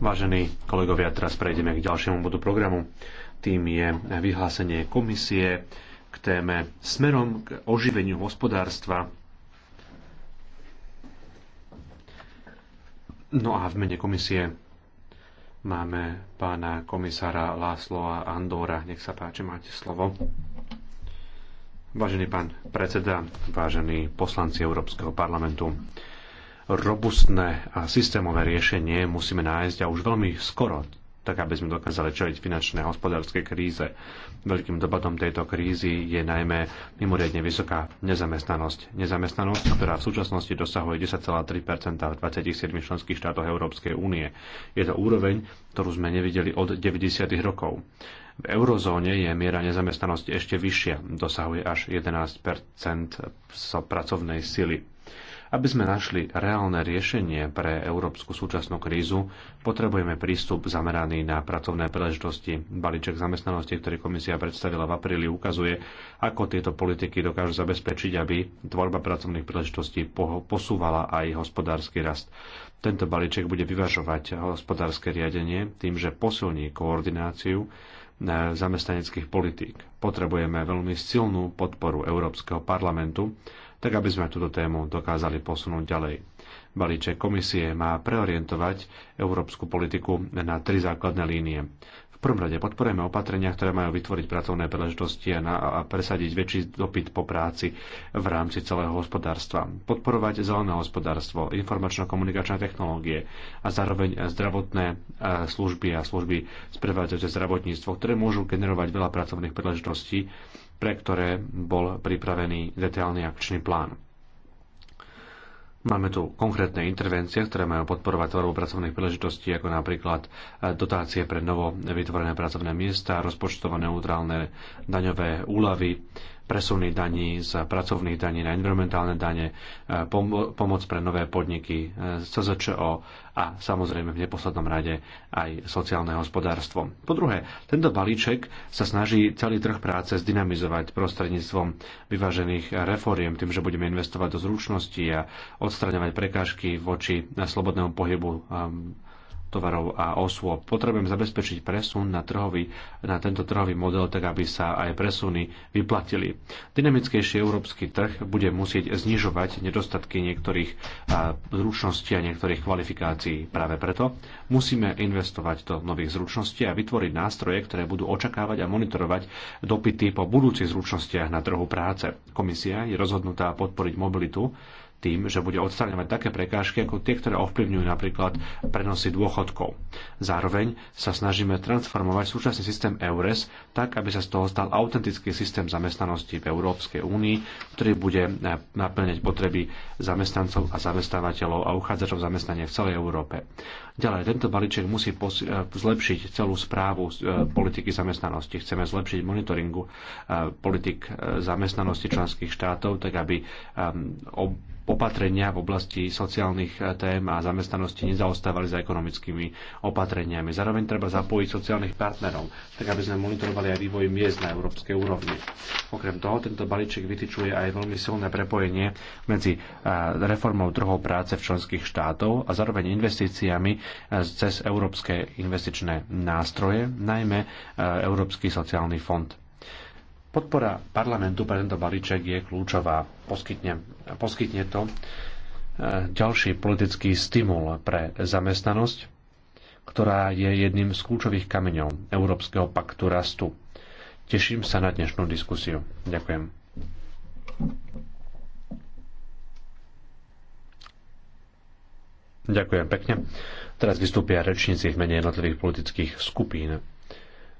Vážení kolegovia, teraz prejdeme k ďalšiemu bodu programu. Tým je vyhlásenie komisie k téme smerom k oživeniu hospodárstva. No a v mene komisie máme pána komisára Lásloa Andóra. Nech sa páči, máte slovo. Vážený pán predseda, vážení poslanci Európskeho parlamentu, robustné a systémové riešenie musíme nájsť a už veľmi skoro tak aby sme dokázali čeliť finančnej a hospodárskej kríze. Veľkým dopadom tejto krízy je najmä mimoriadne vysoká nezamestnanosť. Nezamestnanosť, ktorá v súčasnosti dosahuje 10,3 v 27 členských štátoch Európskej únie. Je to úroveň, ktorú sme nevideli od 90. rokov. V eurozóne je miera nezamestnanosti ešte vyššia, dosahuje až 11 z pracovnej sily. Aby sme našli reálne riešenie pre európsku súčasnú krízu, potrebujeme prístup zameraný na pracovné príležitosti. Balíček zamestnanosti, ktorý komisia predstavila v apríli, ukazuje, ako tieto politiky dokážu zabezpečiť, aby tvorba pracovných príležitostí posúvala aj hospodársky rast. Tento balíček bude vyvažovať hospodárske riadenie tým, že posilní koordináciu zamestnaneckých politík. Potrebujeme veľmi silnú podporu Európskeho parlamentu, tak aby sme túto tému dokázali posunúť ďalej. Balíček komisie má preorientovať európsku politiku na tri základné línie prvom rade podporujeme opatrenia, ktoré majú vytvoriť pracovné príležitosti a, a presadiť väčší dopyt po práci v rámci celého hospodárstva. Podporovať zelené hospodárstvo, informačno-komunikačné technológie a zároveň zdravotné e, služby a služby sprevádzajúce zdravotníctvo, ktoré môžu generovať veľa pracovných príležitostí, pre ktoré bol pripravený detailný akčný plán. Máme tu konkrétne intervencie, ktoré majú podporovať tvorbu pracovných príležitostí, ako napríklad e, dotácie pre novo vytvorené pracovné miesta, rozpočtované neutrálne daňové úlavy, presuny daní z pracovných daní na environmentálne dane, e, pom- pomoc pre nové podniky, e, CZČO a samozrejme v neposlednom rade aj sociálne hospodárstvo. Po druhé, tento balíček sa snaží celý trh práce zdynamizovať prostredníctvom vyvážených reforiem, tým, že budeme investovať do zručnosti a odstraňovať prekážky voči e, slobodnému pohybu tovarov a osôb. Potrebujem zabezpečiť presun na, trhový, na tento trhový model, tak aby sa aj presuny vyplatili. Dynamickejší európsky trh bude musieť znižovať nedostatky niektorých zručností a niektorých kvalifikácií. Práve preto musíme investovať do nových zručností a vytvoriť nástroje, ktoré budú očakávať a monitorovať dopyty po budúcich zručnostiach na trhu práce. Komisia je rozhodnutá podporiť mobilitu tým, že bude odstraňovať také prekážky, ako tie, ktoré ovplyvňujú napríklad prenosy dôchodkov. Zároveň sa snažíme transformovať súčasný systém EURES tak, aby sa z toho stal autentický systém zamestnanosti v Európskej únii, ktorý bude eh, naplňať potreby zamestnancov a zamestnávateľov a uchádzačov zamestnania v celej Európe. Ďalej, tento balíček musí eh, zlepšiť celú správu eh, politiky zamestnanosti. Chceme zlepšiť monitoringu politik zamestnanosti členských štátov, tak aby opatrenia v oblasti sociálnych eh, tém a zamestnanosti nezaostávali za ekonomickými opatreniami. Zároveň treba zapojiť sociálnych partnerov, tak aby sme monitorovali aj vývoj miest na európskej úrovni. Okrem toho, tento balíček vytyčuje aj veľmi silné prepojenie medzi eh, reformou trhov práce v členských štátov a zároveň investíciami eh, cez európske investičné nástroje, najmä Európsky sociálny fond. Podpora parlamentu pre tento balíček je kľúčová. Poskytne, poskytne to e, ďalší politický stimul pre zamestnanosť, ktorá je jedným z kľúčových kameňov Európskeho paktu rastu. Teším sa na dnešnú diskusiu. Ďakujem. Ďakujem pekne. Teraz vystúpia rečníci v mene jednotlivých politických skupín.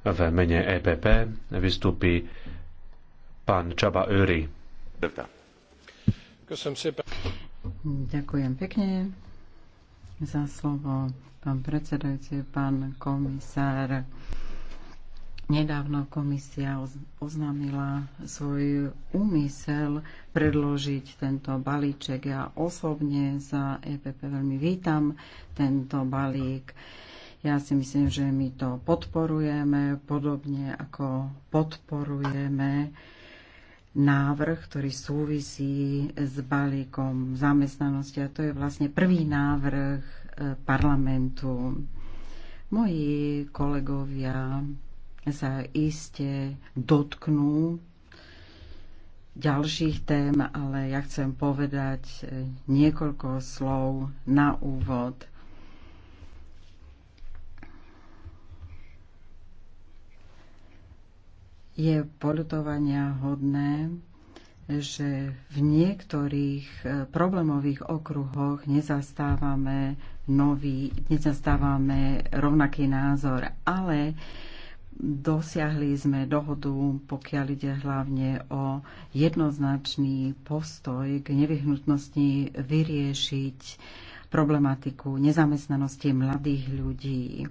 V mene EPP vystúpi pán Čaba Öri. Ďakujem pekne za slovo, pán predsedajúci, pán komisár. Nedávno komisia oznámila svoj úmysel predložiť tento balíček. Ja osobne za EPP veľmi vítam tento balík. Ja si myslím, že my to podporujeme, podobne ako podporujeme návrh, ktorý súvisí s balíkom zamestnanosti a to je vlastne prvý návrh e, parlamentu. Moji kolegovia sa iste dotknú ďalších tém, ale ja chcem povedať e, niekoľko slov na úvod. Je polutovania hodné, že v niektorých e, problémových okruhoch nezastávame nový, nezastávame rovnaký názor, ale dosiahli sme dohodu, pokiaľ ide hlavne o jednoznačný postoj k nevyhnutnosti vyriešiť problematiku nezamestnanosti mladých ľudí.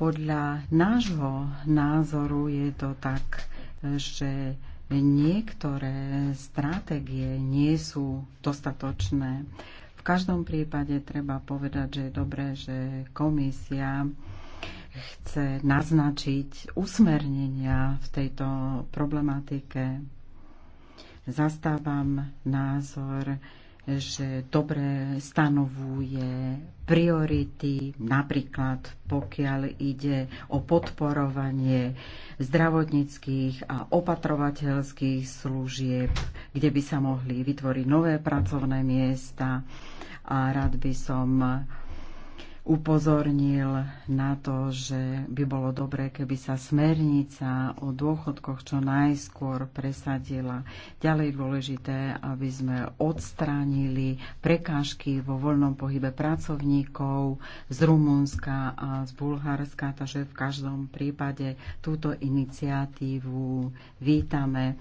Podľa nášho názoru je to tak, že niektoré stratégie nie sú dostatočné. V každom prípade treba povedať, že je dobré, že komisia chce naznačiť usmernenia v tejto problematike. Zastávam názor, že dobre stanovuje priority, napríklad pokiaľ ide o podporovanie zdravotníckých a opatrovateľských služieb, kde by sa mohli vytvoriť nové pracovné miesta. A rád by som upozornil na to, že by bolo dobré, keby sa smernica o dôchodkoch čo najskôr presadila. Ďalej dôležité, aby sme odstránili prekážky vo voľnom pohybe pracovníkov z Rumunska a z Bulharska, takže v každom prípade túto iniciatívu vítame.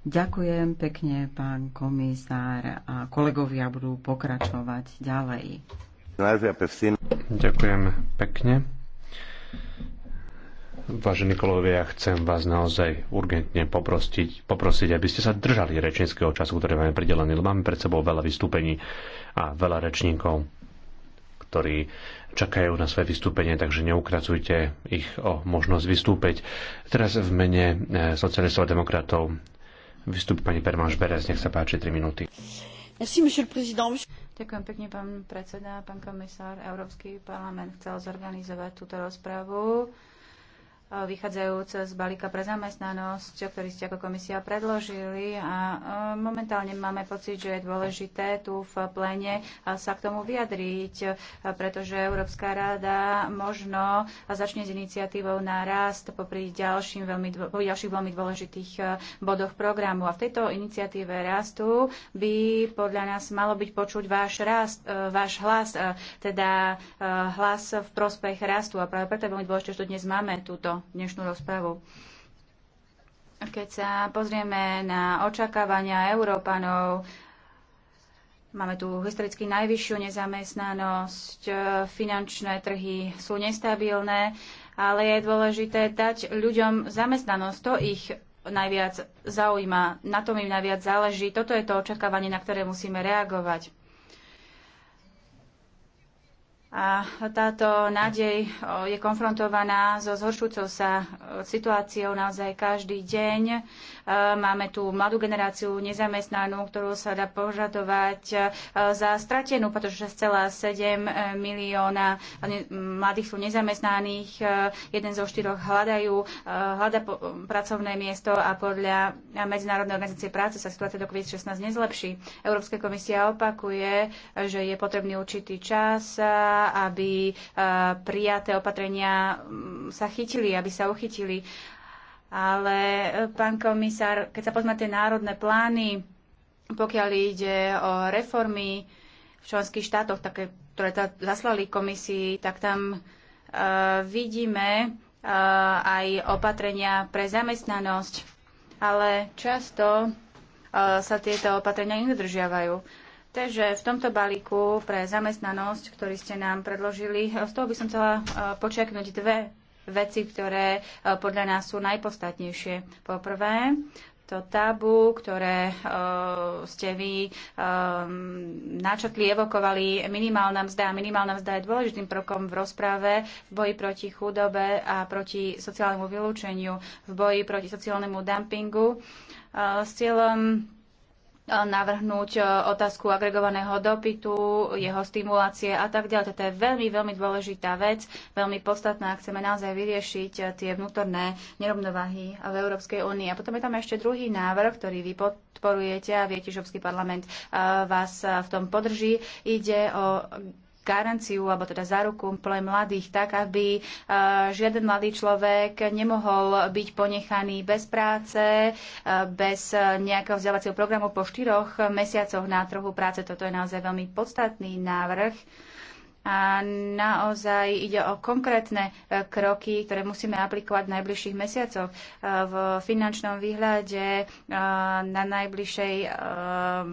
Ďakujem pekne, pán komisár, a kolegovia budú pokračovať ďalej. Ďakujem pekne. Vážení kolegovia, ja chcem vás naozaj urgentne poprosiť, poprosiť, aby ste sa držali rečníckého času, ktorý máme pridelený, lebo máme pred sebou veľa vystúpení a veľa rečníkov, ktorí čakajú na svoje vystúpenie, takže neukracujte ich o možnosť vystúpiť. Teraz v mene eh, socialistov a demokratov vystúpi pani Permáš Berez, nech sa páči 3 minúty. Merci, monsieur le président. Ďakujem pekne, pán predseda, pán komisár. Európsky parlament chcel zorganizovať túto rozpravu vychádzajúce z balíka pre zamestnanosť, ktorý ste ako komisia predložili a e, momentálne máme pocit, že je dôležité tu v plene e, sa k tomu vyjadriť, e, pretože Európska rada možno začne s iniciatívou na rast popri, ďalším veľmi, po ďalších veľmi dôležitých bodoch programu. A v tejto iniciatíve rastu by podľa nás malo byť počuť váš, rast, váš hlas, teda hlas v prospech rastu. A práve preto je veľmi dôležité, že tu dnes máme túto dnešnú rozpravu. Keď sa pozrieme na očakávania Európanov, Máme tu historicky najvyššiu nezamestnanosť, e, finančné trhy sú nestabilné, ale je dôležité dať ľuďom zamestnanosť. To ich najviac zaujíma, na tom im najviac záleží. Toto je to očakávanie, na ktoré musíme reagovať. A táto nádej e, je konfrontovaná so zhoršujúcou sa e, situáciou naozaj každý deň. E, máme tu mladú generáciu nezamestnanú, ktorú sa dá požadovať za stratenú, pretože 6,7 milióna mladých sú nezamestnaných. Jeden zo štyroch hľadajú, hľada pracovné miesto a podľa Medzinárodnej organizácie práce sa situácia do COVID-16 nezlepší. Európska komisia opakuje, že je potrebný určitý čas aby eh, prijaté opatrenia mm, sa chytili, aby sa uchytili. Ale, eh, pán komisár, keď sa pozme tie národné plány, pokiaľ ide o reformy v členských štátoch, také, ktoré zaslali komisii, tak tam eh, vidíme aj opatrenia pre zamestnanosť, ale často sa tieto opatrenia nedodržiavajú. Takže v tomto balíku pre zamestnanosť, ktorý ste nám predložili, eh, z toho by som chcela eh, počiaknúť dve veci, ktoré eh, podľa nás sú najpostatnejšie. Po prvé, to tabu, ktoré uh, ste vy um, načrtli, evokovali. Minimálna mzda. Minimálna mzda je dôležitým prokom v rozprave v boji proti chudobe a proti sociálnemu vylúčeniu, v boji proti sociálnemu dumpingu uh, s cieľom navrhnúť e, otázku agregovaného dopytu, jeho stimulácie a tak ďalej. Toto je veľmi, veľmi dôležitá vec, veľmi podstatná, ak chceme naozaj vyriešiť e, tie vnútorné nerovnováhy v Európskej únii. A potom je tam ešte druhý návrh, ktorý vy podporujete a viete, že Európsky parlament e, vás v tom podrží. Ide o garanciu alebo teda záruku pre mladých tak, aby e, žiaden mladý človek nemohol byť ponechaný bez práce, e, bez nejakého vzdelávacieho programu po štyroch mesiacoch na trhu práce. Toto je naozaj veľmi podstatný návrh a naozaj ide o konkrétne e, kroky, ktoré musíme aplikovať v najbližších mesiacoch. E, v finančnom výhľade e, na najbližšej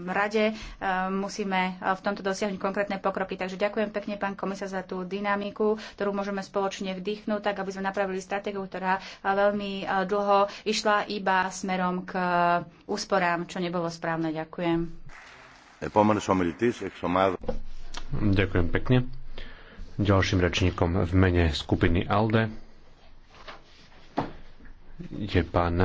rade musíme v tomto dosiahnuť konkrétne pokroky. Takže ďakujem pekne, pán komisár, za tú dynamiku, ktorú môžeme spoločne vdychnúť, tak aby sme napravili stratégiu, ktorá veľmi dlho išla iba smerom k úsporám, čo nebolo správne. Ďakujem. Επόμενος ομιλητής Ďakujem pekne. Ďalším rečníkom v mene skupiny ALDE je pán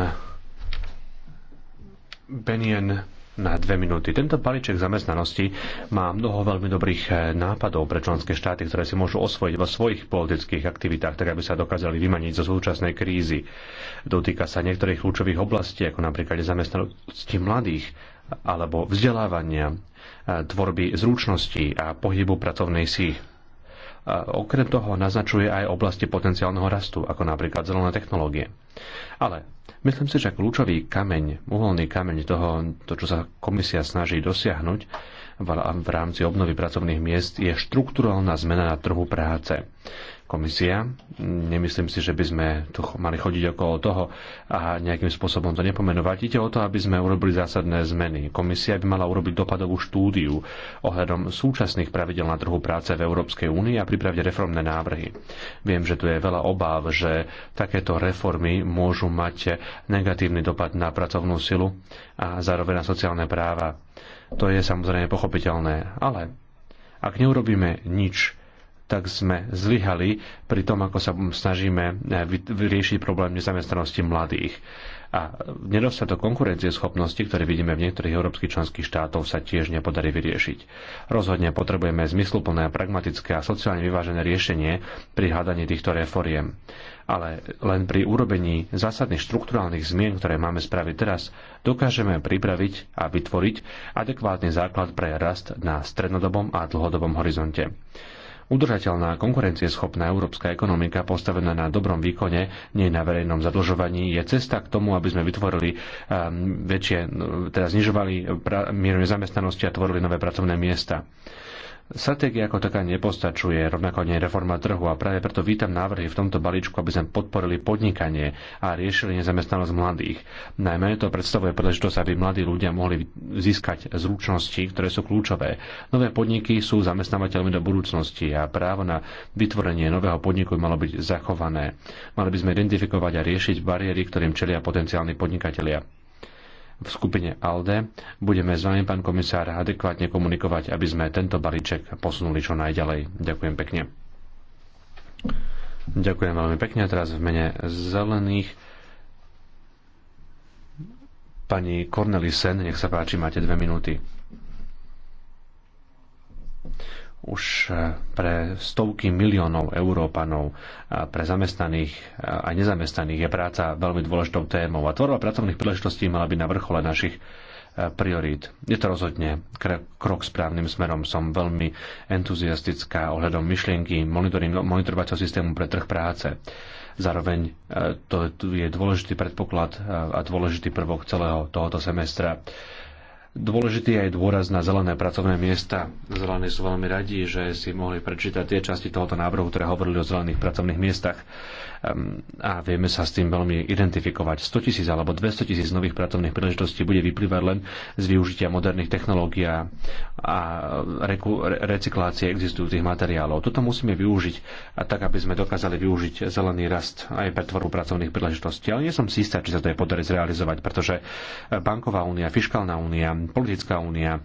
Benien na dve minúty. Tento balíček zamestnanosti má mnoho veľmi dobrých nápadov pre členské štáty, ktoré si môžu osvojiť vo svojich politických aktivitách, tak aby sa dokázali vymaniť zo súčasnej krízy. Dotýka sa niektorých kľúčových oblastí, ako napríklad zamestnanosti mladých alebo vzdelávania, tvorby zručnosti a pohybu pracovnej síly. A okrem toho naznačuje aj oblasti potenciálneho rastu, ako napríklad zelené technológie. Ale myslím si, že kľúčový kameň, uholný kameň toho, to, čo sa komisia snaží dosiahnuť v, v rámci obnovy pracovných miest, je štruktúrálna zmena na trhu práce komisia. Nemyslím si, že by sme tu mali chodiť okolo toho a nejakým spôsobom to nepomenovať. Ide o to, aby sme urobili zásadné zmeny. Komisia by mala urobiť dopadovú štúdiu ohľadom súčasných pravidel na trhu práce v Európskej únii a pripraviť reformné návrhy. Viem, že tu je veľa obáv, že takéto reformy môžu mať negatívny dopad na pracovnú silu a zároveň na sociálne práva. To je samozrejme pochopiteľné, ale ak neurobíme nič, tak sme zlyhali pri tom, ako sa snažíme eh, vyriešiť problém nezamestnanosti mladých. A nedostatok konkurencieschopnosti, ktoré vidíme v niektorých európskych členských štátoch, sa tiež nepodarí vyriešiť. Rozhodne potrebujeme zmysluplné, pragmatické a sociálne vyvážené riešenie pri hľadaní týchto reforiem. Ale len pri urobení zásadných štruktúrálnych zmien, ktoré máme spraviť teraz, dokážeme pripraviť a vytvoriť adekvátny základ pre rast na strednodobom a dlhodobom horizonte. Udržateľná konkurencieschopná európska ekonomika postavená na dobrom výkone, nie na verejnom zadlžovaní, je cesta k tomu, aby sme vytvorili ehm, väčšie, no, teda znižovali mieru nezamestnanosti a tvorili nové pracovné miesta. Stratégia ako taká nepostačuje, rovnako nie reforma trhu a práve preto vítam návrhy v tomto balíčku, aby sme podporili podnikanie a riešili nezamestnanosť mladých. Najmä to predstavuje príležitosť, aby mladí ľudia mohli získať zručnosti, ktoré sú kľúčové. Nové podniky sú zamestnávateľmi do budúcnosti a právo na vytvorenie nového podniku malo byť zachované. Mali by sme identifikovať a riešiť bariéry, ktorým čelia potenciálni podnikatelia v skupine ALDE. Budeme s vami, pán komisár, adekvátne komunikovať, aby sme tento balíček posunuli čo najďalej. Ďakujem pekne. Ďakujem veľmi pekne. Teraz v mene zelených pani Cornelisen, nech sa páči, máte dve minúty už e, pre stovky miliónov Európanov, e, pre zamestnaných e, a nezamestnaných je práca veľmi dôležitou témou a tvorba pracovných príležitostí mala byť na vrchole našich priorít. Je to rozhodne krok správnym smerom. Som veľmi entuziastická ohľadom myšlienky monitorovacieho systému pre trh práce. Zároveň to je dôležitý predpoklad a dôležitý prvok celého tohoto semestra Dôležitý je aj dôraz na zelené pracovné miesta. Zelení sú veľmi radi, že si mohli prečítať tie časti tohoto návrhu, ktoré hovorili o zelených pracovných miestach. Ehm, a vieme sa s tým veľmi identifikovať. 100 tisíc alebo 200 tisíc nových pracovných príležitostí bude vyplývať len z využitia moderných technológií a recyklácie existujúcich materiálov. Toto musíme využiť a tak, aby sme dokázali využiť zelený rast aj pre tvorbu pracovných príležitostí. Ale nie som si istá, či sa to je podarí zrealizovať, pretože banková únia, fiskálna únia, politická únia.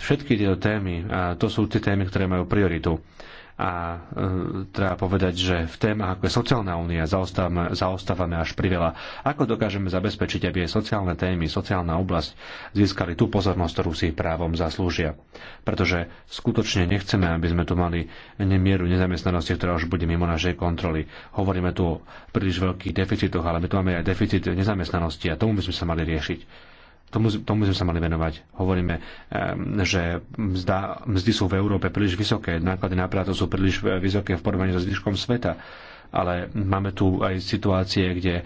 Všetky tieto témy, to sú tie témy, ktoré majú prioritu. A e, treba povedať, že v témach ako je sociálna únia zaostávame, zaostávame až priveľa. Ako dokážeme zabezpečiť, aby aj sociálne témy, sociálna oblasť získali tú pozornosť, ktorú si právom zaslúžia? Pretože skutočne nechceme, aby sme tu mali nemieru nezamestnanosti, ktorá už bude mimo našej kontroly. Hovoríme tu o príliš veľkých deficitoch, ale my tu máme aj deficit nezamestnanosti a tomu by sme sa mali riešiť Tomu, tomu sme sa mali venovať. Hovoríme, že mzda, mzdy sú v Európe príliš vysoké, náklady na prácu sú príliš vysoké v porovnaní so zvyškom sveta ale máme tu aj situácie, kde,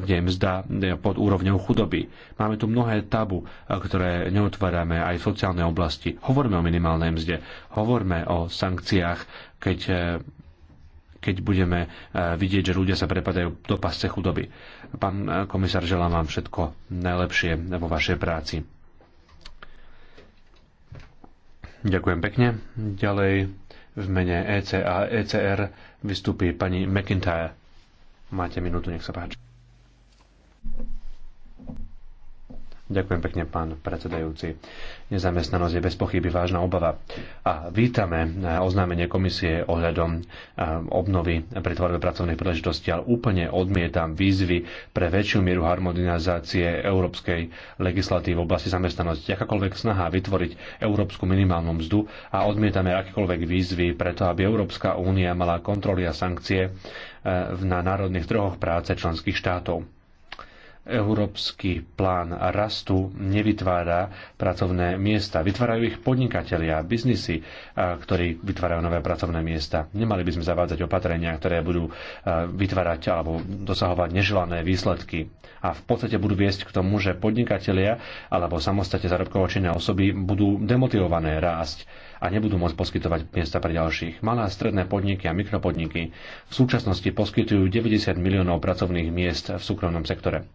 kde je mzda pod úrovňou chudoby. Máme tu mnohé tabu, eh, ktoré neotvárame aj v sociálnej oblasti. Hovorme o minimálnej mzde, hovorme o sankciách, keď eh, keď budeme eh, vidieť, že ľudia sa prepadajú do pasce chudoby. Pán eh, komisár, želám vám všetko najlepšie vo vašej práci. Ďakujem pekne. Ďalej v mene ECA, ECR vystúpi pani McIntyre. Máte minútu, nech sa páči. Ďakujem pekne, pán predsedajúci. Nezamestnanosť je bez pochyby vážna obava. A vítame e, oznámenie komisie ohľadom e, obnovy pri tvorbe pracovnej príležitosti, ale úplne odmietam výzvy pre väčšiu mieru harmonizácie európskej legislatívy v oblasti zamestnanosti. Akákoľvek snaha vytvoriť európsku minimálnu mzdu a odmietame akékoľvek výzvy preto, aby Európska únia mala kontroly a sankcie e, na národných trhoch práce členských štátov. Európsky plán rastu nevytvára pracovné miesta. Vytvárajú ich podnikatelia, biznisy, ktorí vytvárajú nové pracovné miesta. Nemali by sme zavádzať opatrenia, ktoré budú vytvárať alebo dosahovať neželané výsledky. A v podstate budú viesť k tomu, že podnikatelia alebo samostatne zárobkovo činné osoby budú demotivované rásť a nebudú môcť poskytovať miesta pre ďalších. Malé a stredné podniky a mikropodniky v súčasnosti poskytujú 90 miliónov pracovných miest v súkromnom sektore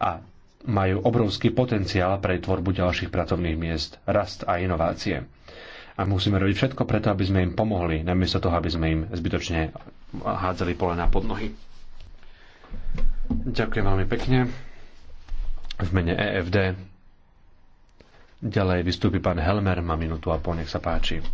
a majú obrovský potenciál pre tvorbu ďalších pracovných miest, rast a inovácie. A musíme robiť všetko preto, aby sme im pomohli, namiesto toho, aby sme im zbytočne hádzali pole na podnohy. Ďakujem veľmi pekne. V mene EFD. Ďalej vystúpi pán Helmer, má minútu a po nech sa páči.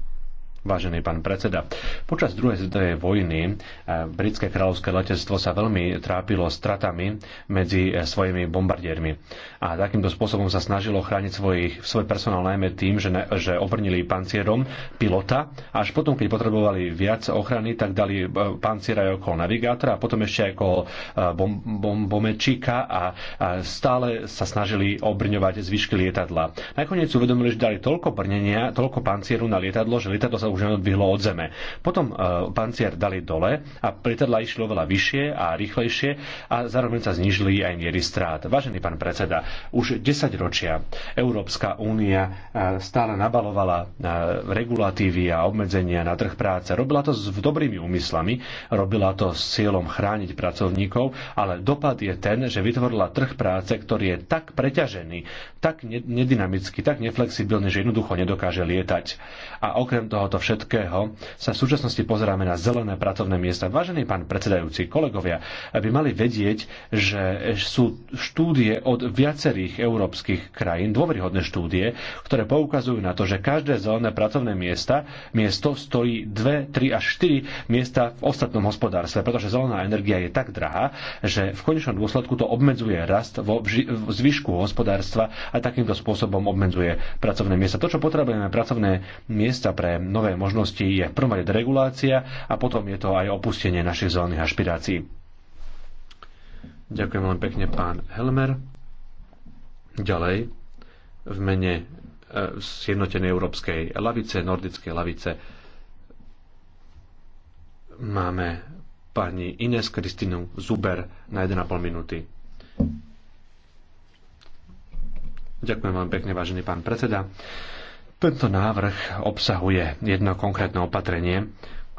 Vážený pán predseda, počas druhej svetovej vojny eh, britské kráľovské letectvo sa veľmi trápilo stratami medzi eh, svojimi bombardiermi. A takýmto spôsobom sa snažilo chrániť svojich, svoj personál najmä tým, že, ne, že obrnili pancierom pilota. Až potom, keď potrebovali viac ochrany, tak dali eh, panciera aj okolo navigátora a potom ešte aj okolo bom, bom, bomečíka a, a stále sa snažili obrňovať zvyšky lietadla. Nakoniec uvedomili, že dali toľko brnenia, toľko pancieru na lietadlo, že lietadlo sa už neodbihlo od zeme. Potom e, panciar dali dole a lietadla išli oveľa vyššie a rýchlejšie a zároveň sa znižili aj miery strát. Vážený pán predseda, už 10 ročia Európska únia e, stále nabalovala e, regulatívy a obmedzenia na trh práce. Robila to s dobrými úmyslami, robila to s cieľom chrániť pracovníkov, ale dopad je ten, že vytvorila trh práce, ktorý je tak preťažený, tak nedynamický, tak neflexibilný, že jednoducho nedokáže lietať. A okrem toho to všetkého sa v súčasnosti pozeráme na zelené pracovné miesta. Vážený pán predsedajúci, kolegovia, by mali vedieť, že sú štúdie od viacerých európskych krajín, dôveryhodné štúdie, ktoré poukazujú na to, že každé zelené pracovné miesta, miesto stojí 2, 3 až 4 miesta v ostatnom hospodárstve, pretože zelená energia je tak drahá, že v konečnom dôsledku to obmedzuje rast vo zvyšku hospodárstva a takýmto spôsobom obmedzuje pracovné miesta. To, čo potrebujeme, pracovné miesta pre nové prvej možnosti je prvá je deregulácia regulácia a potom je to aj opustenie našich zelených ašpirácií. Ďakujem veľmi pekne, pán Helmer. Ďalej, v mene e, Sjednotenej európskej lavice, nordickej lavice, máme pani Ines Kristinu Zuber na 1,5 minúty. Ďakujem vám pekne, vážený pán predseda. Tento návrh obsahuje jedno konkrétne opatrenie,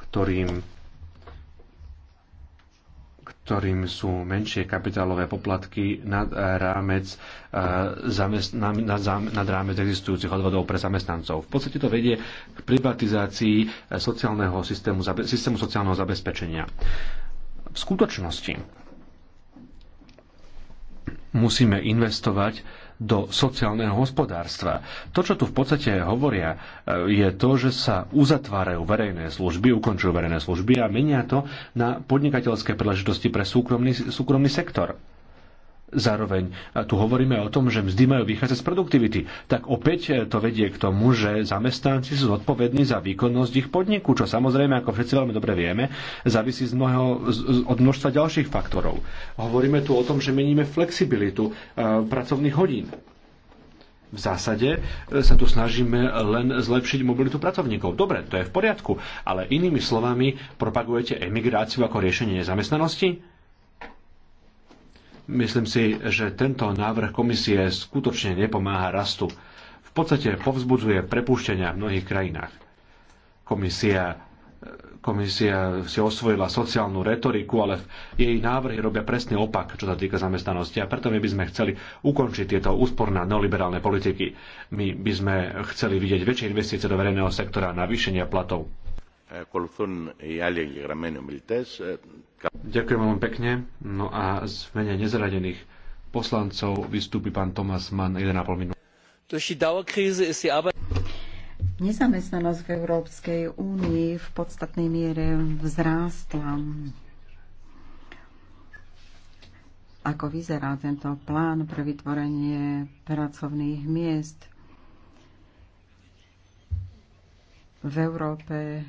ktorým ktorým sú menšie kapitálové poplatky nad rámec, eh, nad rámec existujúcich odvodov pre zamestnancov. V podstate to vedie k privatizácii eh, sociálneho systému, systému sociálneho zabezpečenia. V skutočnosti musíme investovať do sociálneho hospodárstva. To, čo tu v podstate hovoria, e, je to, že sa uzatvárajú verejné služby, ukončujú verejné služby a menia to na podnikateľské príležitosti pre súkromný, súkromný sektor. Zároveň tu hovoríme o tom, že mzdy majú vychádzať z produktivity. Tak opäť e, to vedie k tomu, že zamestnanci sú zodpovední za výkonnosť ich podniku, čo samozrejme, ako všetci veľmi dobre vieme, závisí z mnoho, od množstva ďalších faktorov. Hovoríme tu o tom, že meníme flexibilitu e, pracovných hodín. V zásade e, sa tu snažíme len zlepšiť mobilitu pracovníkov. Dobre, to je v poriadku, ale inými slovami propagujete emigráciu ako riešenie nezamestnanosti? Myslím si, že tento návrh komisie skutočne nepomáha rastu. V podstate povzbudzuje prepuštenia v mnohých krajinách. Komisia, komisia si osvojila sociálnu retoriku, ale jej návrhy robia presný opak, čo sa týka zamestnanosti. A preto my by sme chceli ukončiť tieto úsporné neoliberálne politiky. My by sme chceli vidieť väčšie investície do verejného sektora na vyšenie platov Ďakujem veľmi pekne. No a z mene nezradených poslancov vystúpi pán Tomás Mann 1,5 minúty. Nezamestnanosť v Európskej únii v podstatnej miere vzrástla. Ako vyzerá tento plán pre vytvorenie pracovných miest? V Európe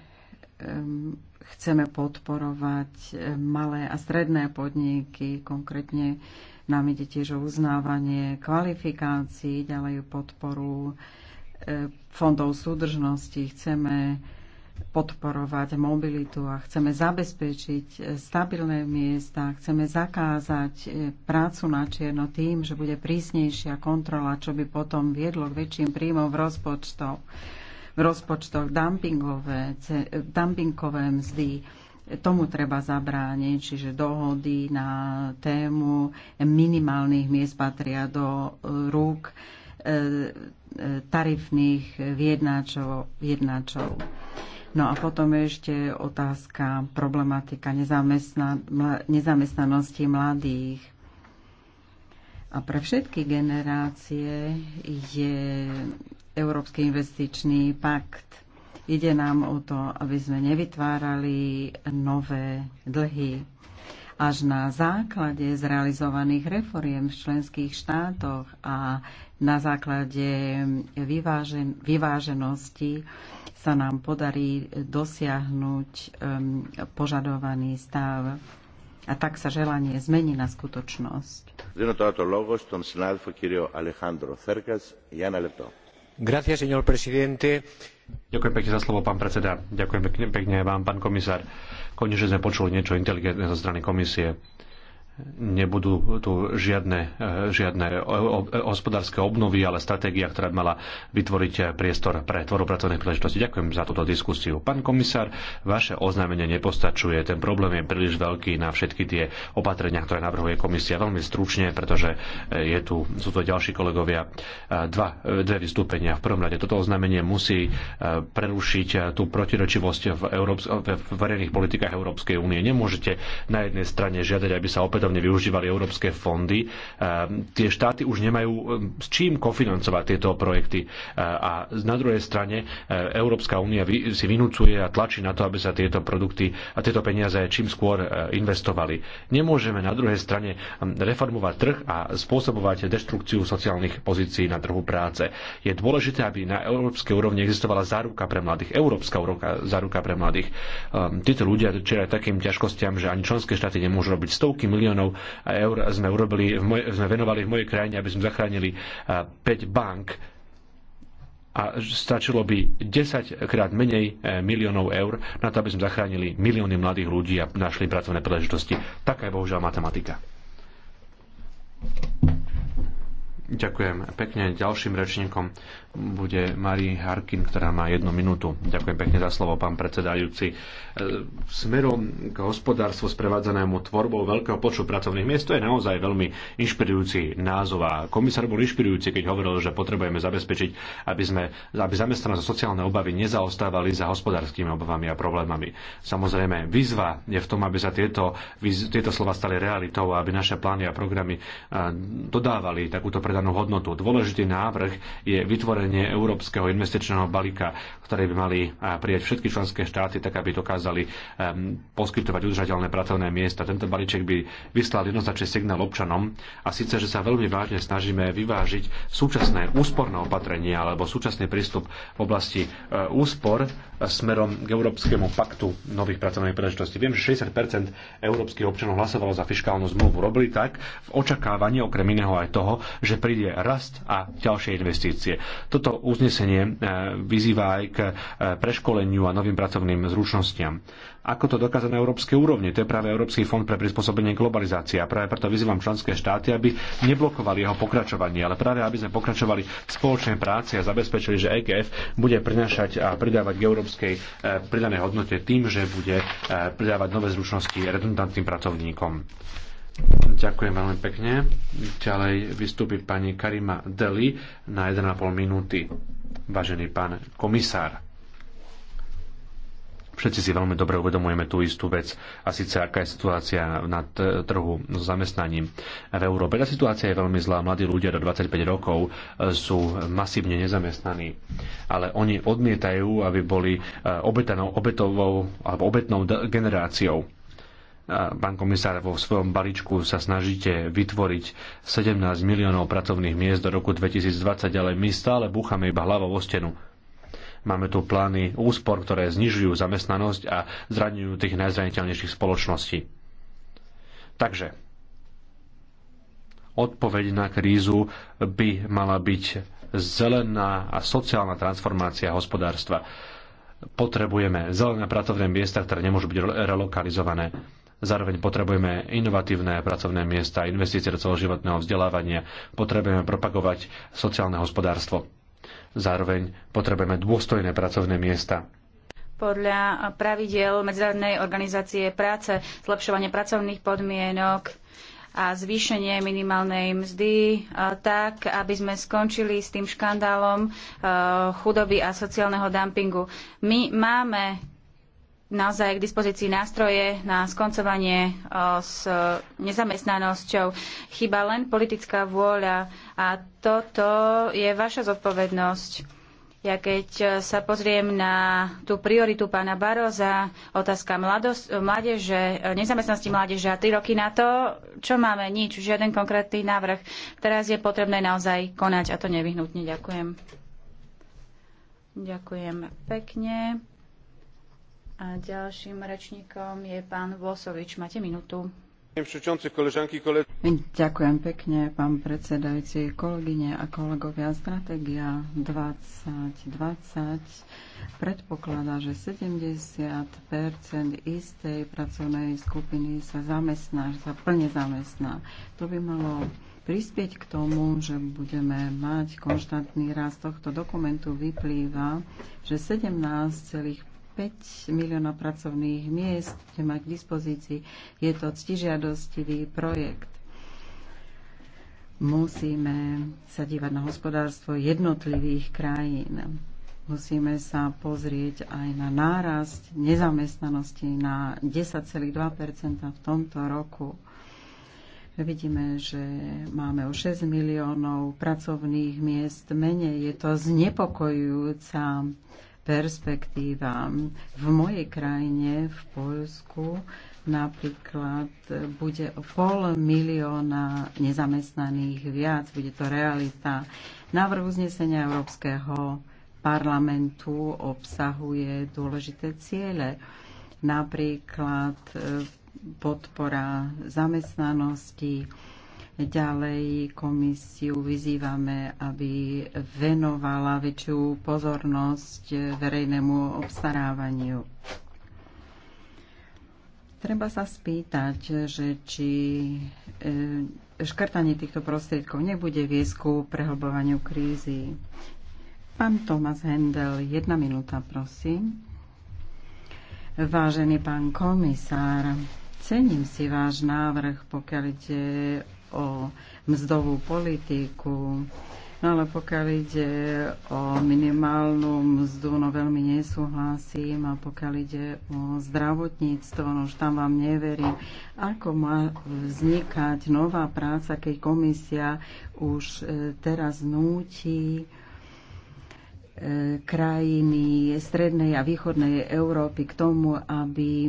chceme podporovať malé a stredné podniky, konkrétne nám ide tiež o uznávanie kvalifikácií, ďalej podporu fondov súdržnosti, chceme podporovať mobilitu a chceme zabezpečiť stabilné miesta, chceme zakázať prácu na čierno tým, že bude prísnejšia kontrola, čo by potom viedlo k väčším príjmom v rozpočtov rozpočtoch, dumpingové, dumpingové mzdy. Tomu treba zabrániť, čiže dohody na tému minimálnych miest patria do e, rúk e, e, tarifných viednáčov. No a potom ešte otázka, problematika nezamestnanosti mladých. A pre všetky generácie je Európsky investičný pakt. Ide nám o to, aby sme nevytvárali nové dlhy. Až na základe zrealizovaných reforiem v členských štátoch a na základe vyvážen- vyváženosti sa nám podarí dosiahnuť um, požadovaný stav. A tak sa želanie zmení na skutočnosť. Δίνω τώρα το λόγο στον συνάδελφο κύριο Ďakujem pekne za slovo, pán predseda. Ďakujem pekne, pekne vám, pán komisár. Konečne sme počuli niečo inteligentné zo strany komisie nebudú tu žiadne, žiadne hospodárske obnovy, ale stratégia, ktorá by mala vytvoriť priestor pre tvorbu pracovnej príležitosti. Ďakujem za túto diskusiu. Pán komisár, vaše oznámenie nepostačuje. Ten problém je príliš veľký na všetky tie opatrenia, ktoré navrhuje komisia. Veľmi stručne, pretože eh, je tu, sú tu ďalší kolegovia, eh, dva, eh, dve vystúpenia. V prvom rade toto oznámenie musí prerušiť tú protirečivosť v, Európs- v verejných politikách Európskej únie. Nemôžete na jednej strane žiadať, aby sa opäť opätovne využívali európske fondy. E, tie štáty už nemajú e, s čím kofinancovať tieto projekty. E, a na druhej strane Európska únia si vynúcuje a tlačí na to, aby sa tieto produkty a tieto peniaze čím skôr investovali. Nemôžeme na druhej strane reformovať trh a spôsobovať deštrukciu sociálnych pozícií na trhu práce. Je dôležité, aby na európskej úrovni existovala záruka pre mladých, európska úroka záruka pre mladých. Títo ľudia čelia takým ťažkostiam, že ani členské štáty nemôžu robiť stovky miliónov miliónov eur sme, urobili, sme venovali v mojej krajine, aby sme zachránili 5 bank a stačilo by 10 krát menej e, miliónov eur na to, aby sme zachránili milióny mladých ľudí a našli pracovné príležitosti. Taká je bohužiaľ matematika. Ďakujem pekne. Ďalším rečníkom bude Marie Harkin, ktorá má jednu minútu. Ďakujem pekne za slovo, pán predsedajúci. E, smerom k hospodárstvu sprevádzanému tvorbou veľkého počtu pracovných miest. To je naozaj veľmi inšpirujúci názov a komisár bol inšpirujúci, keď hovoril, že potrebujeme zabezpečiť, aby, sme, aby zamestnanosť a sociálne obavy nezaostávali za hospodárskymi obavami a problémami. Samozrejme, výzva je v tom, aby sa tieto, tieto slova stali realitou a aby naše plány a programy e, dodávali takúto predanú hodnotu. Dôležitý návrh je vytvorenie Európskeho investičného balíka, ktoré by mali e, prijať všetky členské štáty, tak aby dokázali dokázali poskytovať udržateľné pracovné miesta. Tento balíček by vyslal jednoznačný signál občanom a síce, že sa veľmi vážne snažíme vyvážiť súčasné úsporné opatrenia alebo súčasný prístup v oblasti e, úspor e, smerom k Európskemu paktu nových pracovných príležitostí. Viem, že 60 európskych občanov hlasovalo za fiskálnu zmluvu. Robili tak v očakávaní okrem iného aj toho, že príde rast a ďalšie investície. Toto uznesenie e, vyzýva aj k preškoleniu a novým pracovným zručnostiam program. Ako to dokázať na európskej úrovni? To je práve Európsky fond pre prispôsobenie globalizácie. A práve preto vyzývam členské štáty, aby neblokovali jeho pokračovanie, ale práve aby sme pokračovali v spoločnej práci a zabezpečili, že EGF bude prinašať a pridávať k európskej e, pridanej hodnote tým, že bude e, pridávať nové zručnosti redundantným pracovníkom. Ďakujem veľmi pekne. Ďalej vystúpi pani Karima Deli na 1,5 minúty. Vážený pán komisár, Všetci si veľmi dobre uvedomujeme tú istú vec, a síce aká je situácia na trhu s zamestnaním v Európe. Tá situácia je veľmi zlá. Mladí ľudia do 25 rokov e, sú masívne nezamestnaní, ale oni odmietajú, aby boli e, obetanou, obetovou alebo obetnou generáciou e, pán komisár, vo svojom balíčku sa snažíte vytvoriť 17 miliónov pracovných miest do roku 2020, ale my stále búchame iba hlavou o stenu. Máme tu plány úspor, ktoré znižujú zamestnanosť a zraňujú tých najzraniteľnejších spoločností. Takže odpoveď na krízu by mala byť zelená a sociálna transformácia hospodárstva. Potrebujeme zelené pracovné miesta, ktoré nemôžu byť relokalizované. Zároveň potrebujeme inovatívne pracovné miesta, investície do celoživotného vzdelávania, potrebujeme propagovať sociálne hospodárstvo. Zároveň potrebujeme dôstojné pracovné miesta podľa pravidel Medzinárodnej organizácie práce, zlepšovanie pracovných podmienok a zvýšenie minimálnej mzdy tak, aby sme skončili s tým škandálom e, chudoby a sociálneho dumpingu. My máme naozaj k dispozícii nástroje na skoncovanie e, s nezamestnanosťou. Chyba len politická vôľa a toto je vaša zodpovednosť. Ja keď e, sa pozriem na tú prioritu pána Baroza, otázka mladosť, mládeže, e, nezamestnanosti mládeže a tri roky na to, čo máme? Nič, žiaden konkrétny návrh. Teraz je potrebné naozaj konať a to nevyhnutne. Ďakujem. Ďakujem pekne. A ďalším rečníkom je pán Vosovič. Máte minútu. Ďakujem pekne, pán predsedajúci, kolegyne a kolegovia. Stratégia 2020 predpokladá, že 70 istej pracovnej skupiny sa zamestná, sa plne zamestná. To by malo prispieť k tomu, že budeme mať konštantný rast tohto dokumentu vyplýva, že 5 miliónov pracovných miest bude mať k dispozícii. Je to ctižiadostivý projekt. Musíme sa dívať na hospodárstvo jednotlivých krajín. Musíme sa pozrieť aj na nárast nezamestnanosti na 10,2 v tomto roku. Vidíme, že máme o 6 miliónov pracovných miest menej. Je to znepokojujúca perspektívam. V mojej krajine, v Poľsku, napríklad bude o pol milióna nezamestnaných viac. Bude to realita. Návrh uznesenia Európskeho parlamentu obsahuje dôležité ciele. Napríklad podpora zamestnanosti, Ďalej komisiu vyzývame, aby venovala väčšiu pozornosť verejnému obstarávaniu. Treba sa spýtať, že či e, škrtanie týchto prostriedkov nebude viesť ku prehlbovaniu krízy. Pán Tomas Hendel, jedna minúta, prosím. Vážený pán komisár, cením si váš návrh, pokiaľ ide o mzdovú politiku. No ale pokiaľ ide o minimálnu mzdu, no veľmi nesúhlasím a pokiaľ ide o zdravotníctvo, no už tam vám neverím. Ako má vznikať nová práca, keď komisia už e, teraz núti E, krajiny strednej a východnej Európy k tomu, aby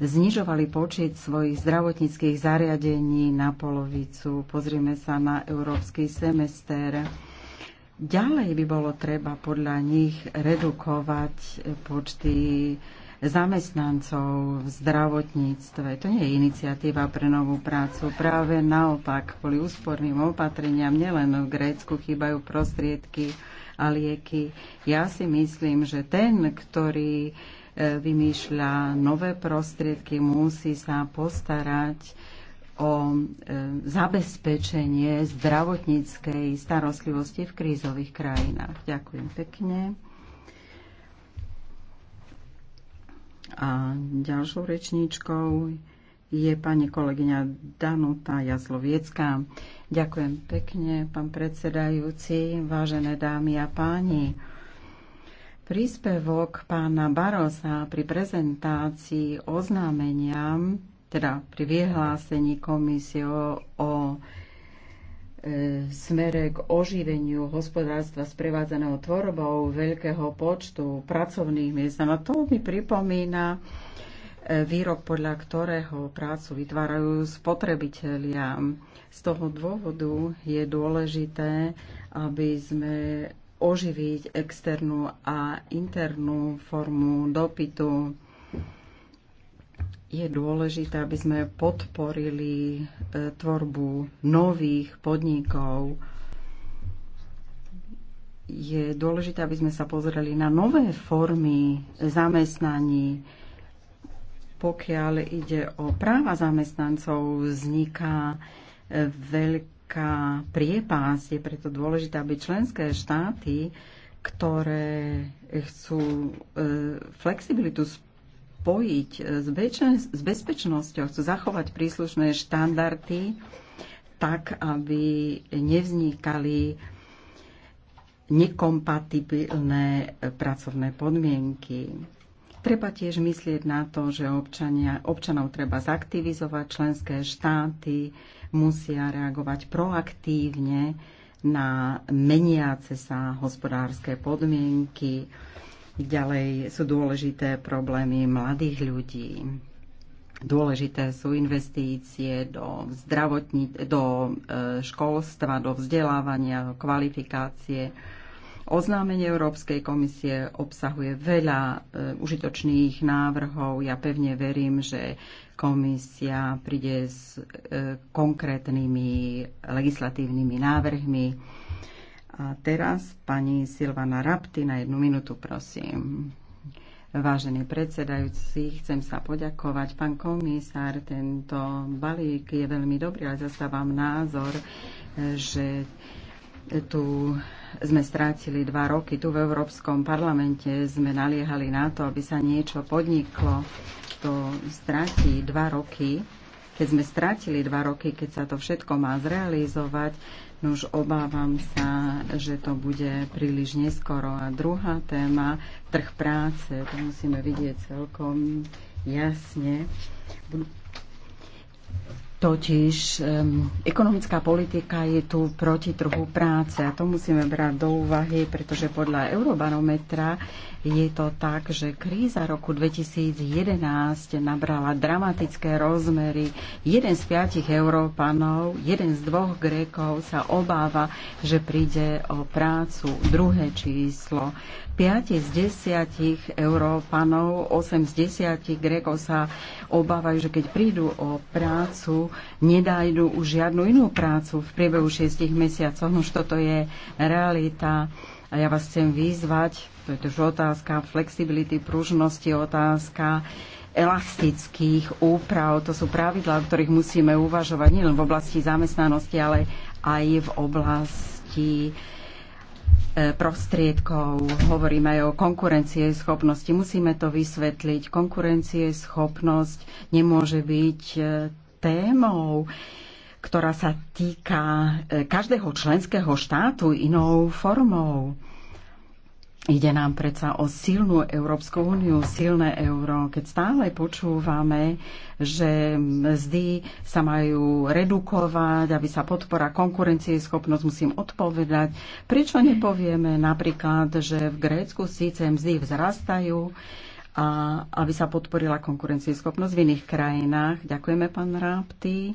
znižovali počet svojich zdravotníckých zariadení na polovicu. Pozrieme sa na európsky semester. Ďalej by bolo treba podľa nich redukovať počty zamestnancov v zdravotníctve. To nie je iniciatíva pre novú prácu. Práve naopak, kvôli úsporným opatreniam nielen v Grécku chýbajú prostriedky, a lieky. Ja si myslím, že ten, ktorý e, vymýšľa nové prostriedky, musí sa postarať o e, zabezpečenie zdravotníckej starostlivosti v krízových krajinách. Ďakujem pekne. A ďalšou rečníčkou je pani kolegyňa Danuta Jazloviecká. Ďakujem pekne, pán predsedajúci, vážené dámy a páni. Príspevok pána Barosa pri prezentácii oznámenia, teda pri vyhlásení komisie o e, smere k oživeniu hospodárstva sprevádzaného tvorbou veľkého počtu pracovných miest. No to mi pripomína výrok, podľa ktorého prácu vytvárajú spotrebitelia. Z toho dôvodu je dôležité, aby sme oživiť externú a internú formu dopytu. Je dôležité, aby sme podporili e, tvorbu nových podnikov. Je dôležité, aby sme sa pozreli na nové formy zamestnaní, pokiaľ ide o práva zamestnancov, vzniká e, veľká priepásť. Je preto dôležité, aby členské štáty, ktoré chcú e, flexibilitu spojiť e, s bezpečnosťou, chcú zachovať príslušné štandardy, tak, aby nevznikali nekompatibilné pracovné podmienky. Treba tiež myslieť na to, že občania, občanov treba zaktivizovať, členské štáty musia reagovať proaktívne na meniace sa hospodárske podmienky. Ďalej sú dôležité problémy mladých ľudí. Dôležité sú investície do, zdravotní, do e, školstva, do vzdelávania, do kvalifikácie Oznámenie Európskej komisie obsahuje veľa e, užitočných návrhov. Ja pevne verím, že komisia príde s e, konkrétnymi legislatívnymi návrhmi. A teraz pani Silvana Rapti na jednu minútu, prosím. Vážený predsedajúci, chcem sa poďakovať. Pán komisár, tento balík je veľmi dobrý, ale zastávam názor, e, že tu sme strátili dva roky. Tu v Európskom parlamente sme naliehali na to, aby sa niečo podniklo. To stráti dva roky. Keď sme strátili dva roky, keď sa to všetko má zrealizovať, no už obávam sa, že to bude príliš neskoro. A druhá téma, trh práce, to musíme vidieť celkom jasne. Totiž um, ekonomická politika je tu proti trhu práce a to musíme brať do úvahy, pretože podľa Eurobarometra je to tak, že kríza roku 2011 nabrala dramatické rozmery. Jeden z piatich Európanov, jeden z dvoch Grékov sa obáva, že príde o prácu. Druhé číslo. 5 z 10 Európanov, 8 z 10 Grékov sa obávajú, že keď prídu o prácu, nedajú už žiadnu inú prácu v priebehu 6 mesiacov. Už toto je realita. A ja vás chcem vyzvať, to je už otázka flexibility, pružnosti, otázka elastických úprav. To sú pravidlá, o ktorých musíme uvažovať nielen v oblasti zamestnanosti, ale aj v oblasti E, prostriedkov, hovoríme aj o konkurencie schopnosti. Musíme to vysvetliť. Konkurencie schopnosť nemôže byť e, témou, ktorá sa týka e, každého členského štátu inou formou. Ide nám predsa o silnú Európsku úniu, silné euro, keď stále počúvame, že mzdy sa majú redukovať, aby sa podpora konkurencieschopnosť, musím odpovedať. Prečo nepovieme napríklad, že v Grécku síce mzdy vzrastajú, a aby sa podporila konkurencieschopnosť v iných krajinách. Ďakujeme, pán Rápty.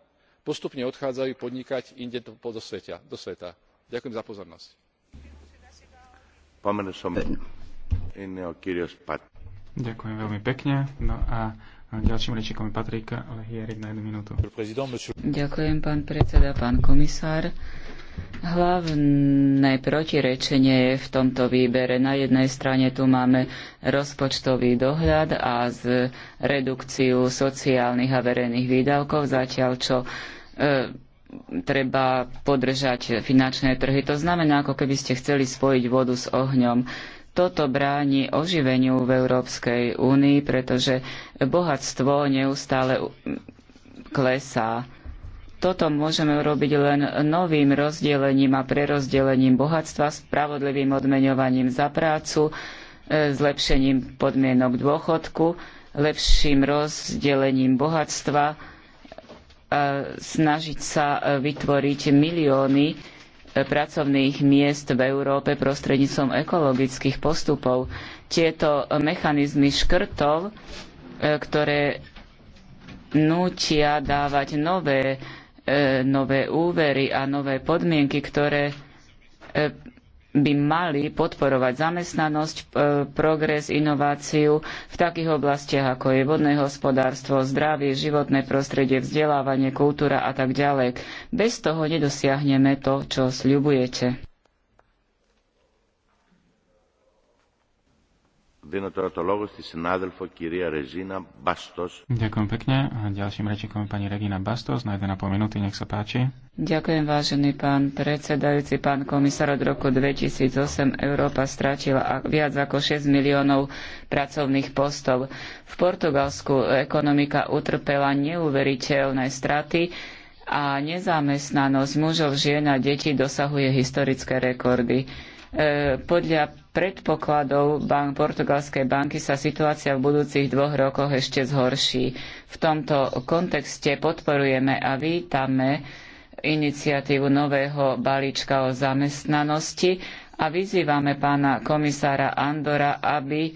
postupne odchádzajú podnikať inde do sveta. ďakujem za pozornosť. Ďakujem veľmi pekne. No a ďalším je Patrik na jednu minútu. Ďakujem, pán predseda, pán komisár. Hlavné protirečenie je v tomto výbere. Na jednej strane tu máme rozpočtový dohľad a z redukciu sociálnych a verejných výdavkov, zatiaľ čo e, treba podržať finančné trhy. To znamená, ako keby ste chceli spojiť vodu s ohňom. Toto bráni oživeniu v Európskej únii, pretože bohatstvo neustále klesá. Toto môžeme urobiť len novým rozdelením a prerozdelením bohatstva, spravodlivým odmeňovaním za prácu, e, zlepšením podmienok dôchodku, lepším rozdelením bohatstva, e, snažiť sa e, vytvoriť milióny pracovných miest v Európe prostredníctvom ekologických postupov. Tieto mechanizmy škrtov, ktoré nútia dávať nové E, nové úvery a nové podmienky, ktoré e, by mali podporovať zamestnanosť, e, progres, inováciu v takých oblastiach, ako je vodné hospodárstvo, zdravie, životné prostredie, vzdelávanie, kultúra a tak ďalej. Bez toho nedosiahneme to, čo sľubujete. Ďakujem pekne. A ďalším rečníkom pani Regina Bastos na 1,5 minúty. Nech sa páči. Ďakujem, vážený pán predsedajúci, pán komisár. Od roku 2008 Európa stratila viac ako 6 miliónov pracovných postov. V Portugalsku ekonomika utrpela neuveriteľné straty a nezamestnanosť mužov, žien a detí dosahuje historické rekordy e, podľa predpokladov portugalskej banky sa situácia v budúcich dvoch rokoch ešte zhorší. V tomto kontexte podporujeme a vítame iniciatívu nového balíčka o zamestnanosti a vyzývame pána komisára Andora, aby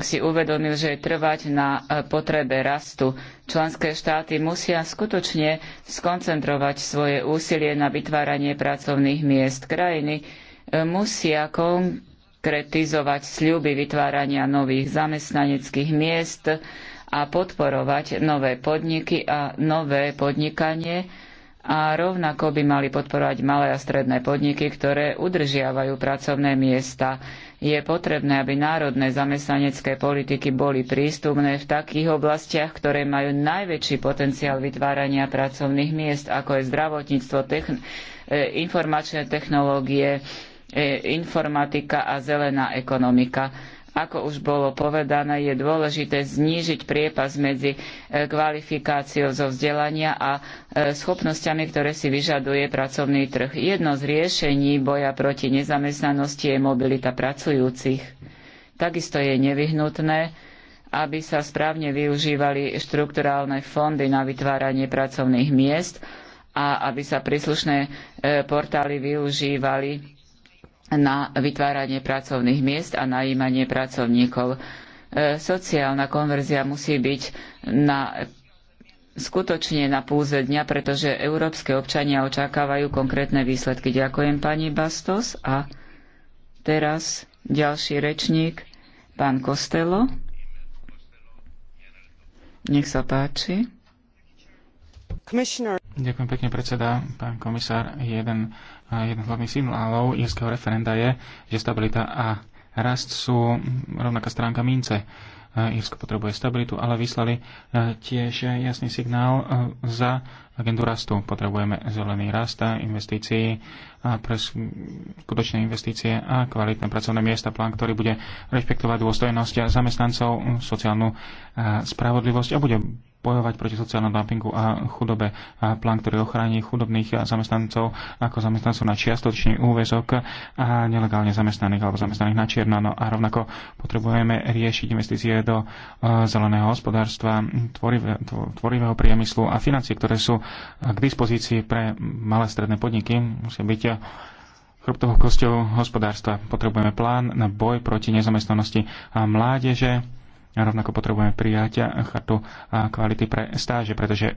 si uvedomil, že je trvať na potrebe rastu. Členské štáty musia skutočne skoncentrovať svoje úsilie na vytváranie pracovných miest krajiny, eh, musia kon- konkretizovať sľuby vytvárania nových zamestnaneckých miest a podporovať nové podniky a nové podnikanie a rovnako by mali podporovať malé a stredné podniky, ktoré udržiavajú pracovné miesta. Je potrebné, aby národné zamestnanecké politiky boli prístupné v takých oblastiach, ktoré majú najväčší potenciál vytvárania pracovných miest, ako je zdravotníctvo, techn- e, informačné technológie, E, informatika a zelená ekonomika. Ako už bolo povedané, je dôležité znížiť priepas medzi e, kvalifikáciou zo vzdelania a e, schopnosťami, ktoré si vyžaduje pracovný trh. Jedno z riešení boja proti nezamestnanosti je mobilita pracujúcich. Takisto je nevyhnutné, aby sa správne využívali štrukturálne fondy na vytváranie pracovných miest a aby sa príslušné portály využívali na vytváranie pracovných miest a najímanie pracovníkov. E, sociálna konverzia musí byť na, skutočne na púze dňa, pretože európske občania očakávajú konkrétne výsledky. Ďakujem pani Bastos a teraz ďalší rečník, pán Kostelo. Nech sa páči. Ďakujem pekne, predseda. Pán komisár, jeden a jeden z hlavných signálov írskeho referenda je, že stabilita a rast sú rovnaká stránka mince. E, Írsko potrebuje stabilitu, ale vyslali e, tiež jasný signál e, za agendu rastu. Potrebujeme zelený rast a investícií, a pre skutočné investície a kvalitné pracovné miesta, plán, ktorý bude rešpektovať dôstojnosť zamestnancov, sociálnu spravodlivosť a bude bojovať proti sociálnom dumpingu a chudobe. A plán, ktorý ochráni chudobných zamestnancov ako zamestnancov na čiastočný úvezok a nelegálne zamestnaných alebo zamestnaných na čierno. No a rovnako potrebujeme riešiť investície do e, zeleného hospodárstva, tvorivé, tvorivého priemyslu a financie, ktoré sú k dispozícii pre malé stredné podniky, musia byť chrbtovou kosťou hospodárstva. Potrebujeme plán na boj proti nezamestnanosti a mládeže a rovnako potrebujeme prijať chartu kvality pre stáže, pretože e,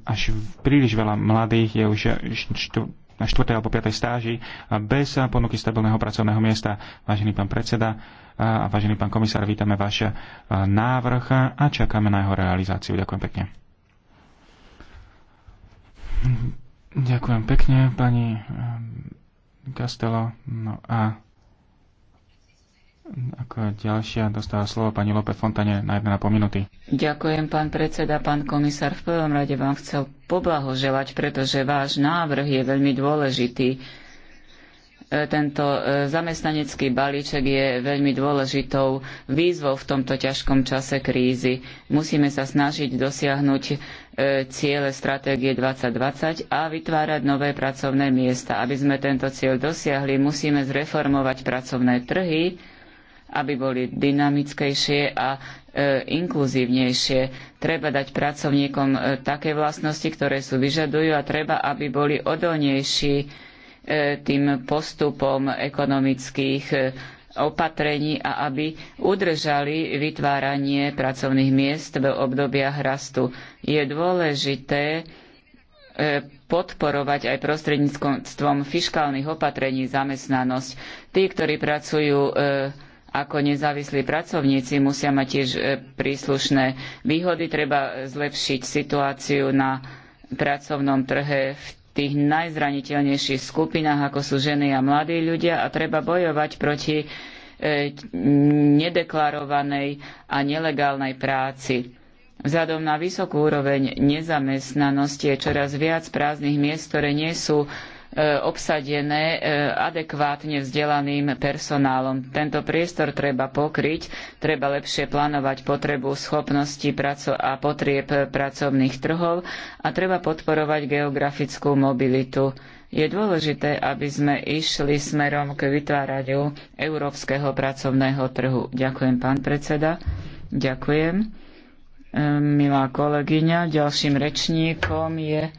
až príliš veľa mladých je už na 4. alebo 5. stáži a bez ponuky stabilného pracovného miesta. Vážený pán predseda e, a vážený pán komisár, vítame váš e, návrh a čakáme na jeho realizáciu. Ďakujem pekne. Ďakujem pekne, pani Castelo. No a ako ďalšia dostáva slovo pani Lope Fontane na 1,5 minúty. Ďakujem, pán predseda, pán komisár. V prvom rade vám chcel poblahoželať, pretože váš návrh je veľmi dôležitý. E, tento e, zamestnanecký balíček je veľmi dôležitou výzvou v tomto ťažkom čase krízy. Musíme sa snažiť dosiahnuť e, ciele stratégie 2020 a vytvárať nové pracovné miesta. Aby sme tento cieľ dosiahli, musíme zreformovať pracovné trhy, aby boli dynamickejšie a e, inkluzívnejšie. Treba dať pracovníkom e, také vlastnosti, ktoré sú vyžadujú a treba, aby boli odolnejší e, tým postupom ekonomických opatrení a aby udržali vytváranie pracovných miest v obdobiach rastu. Je dôležité podporovať aj prostredníctvom fiškálnych opatrení zamestnanosť. Tí, ktorí pracujú ako nezávislí pracovníci musia mať tiež e, príslušné výhody. Treba zlepšiť situáciu na pracovnom trhe v tých najzraniteľnejších skupinách, ako sú ženy a mladí ľudia a treba bojovať proti e, nedeklarovanej a nelegálnej práci. Vzhľadom na vysokú úroveň nezamestnanosti je čoraz viac prázdnych miest, ktoré nie sú E, obsadené e, adekvátne vzdelaným personálom. Tento priestor treba pokryť, treba lepšie plánovať potrebu schopností a potrieb pracovných trhov a treba podporovať geografickú mobilitu. Je dôležité, aby sme išli smerom k vytváraniu európskeho pracovného trhu. Ďakujem, pán predseda. Ďakujem. E, milá kolegyňa, ďalším rečníkom je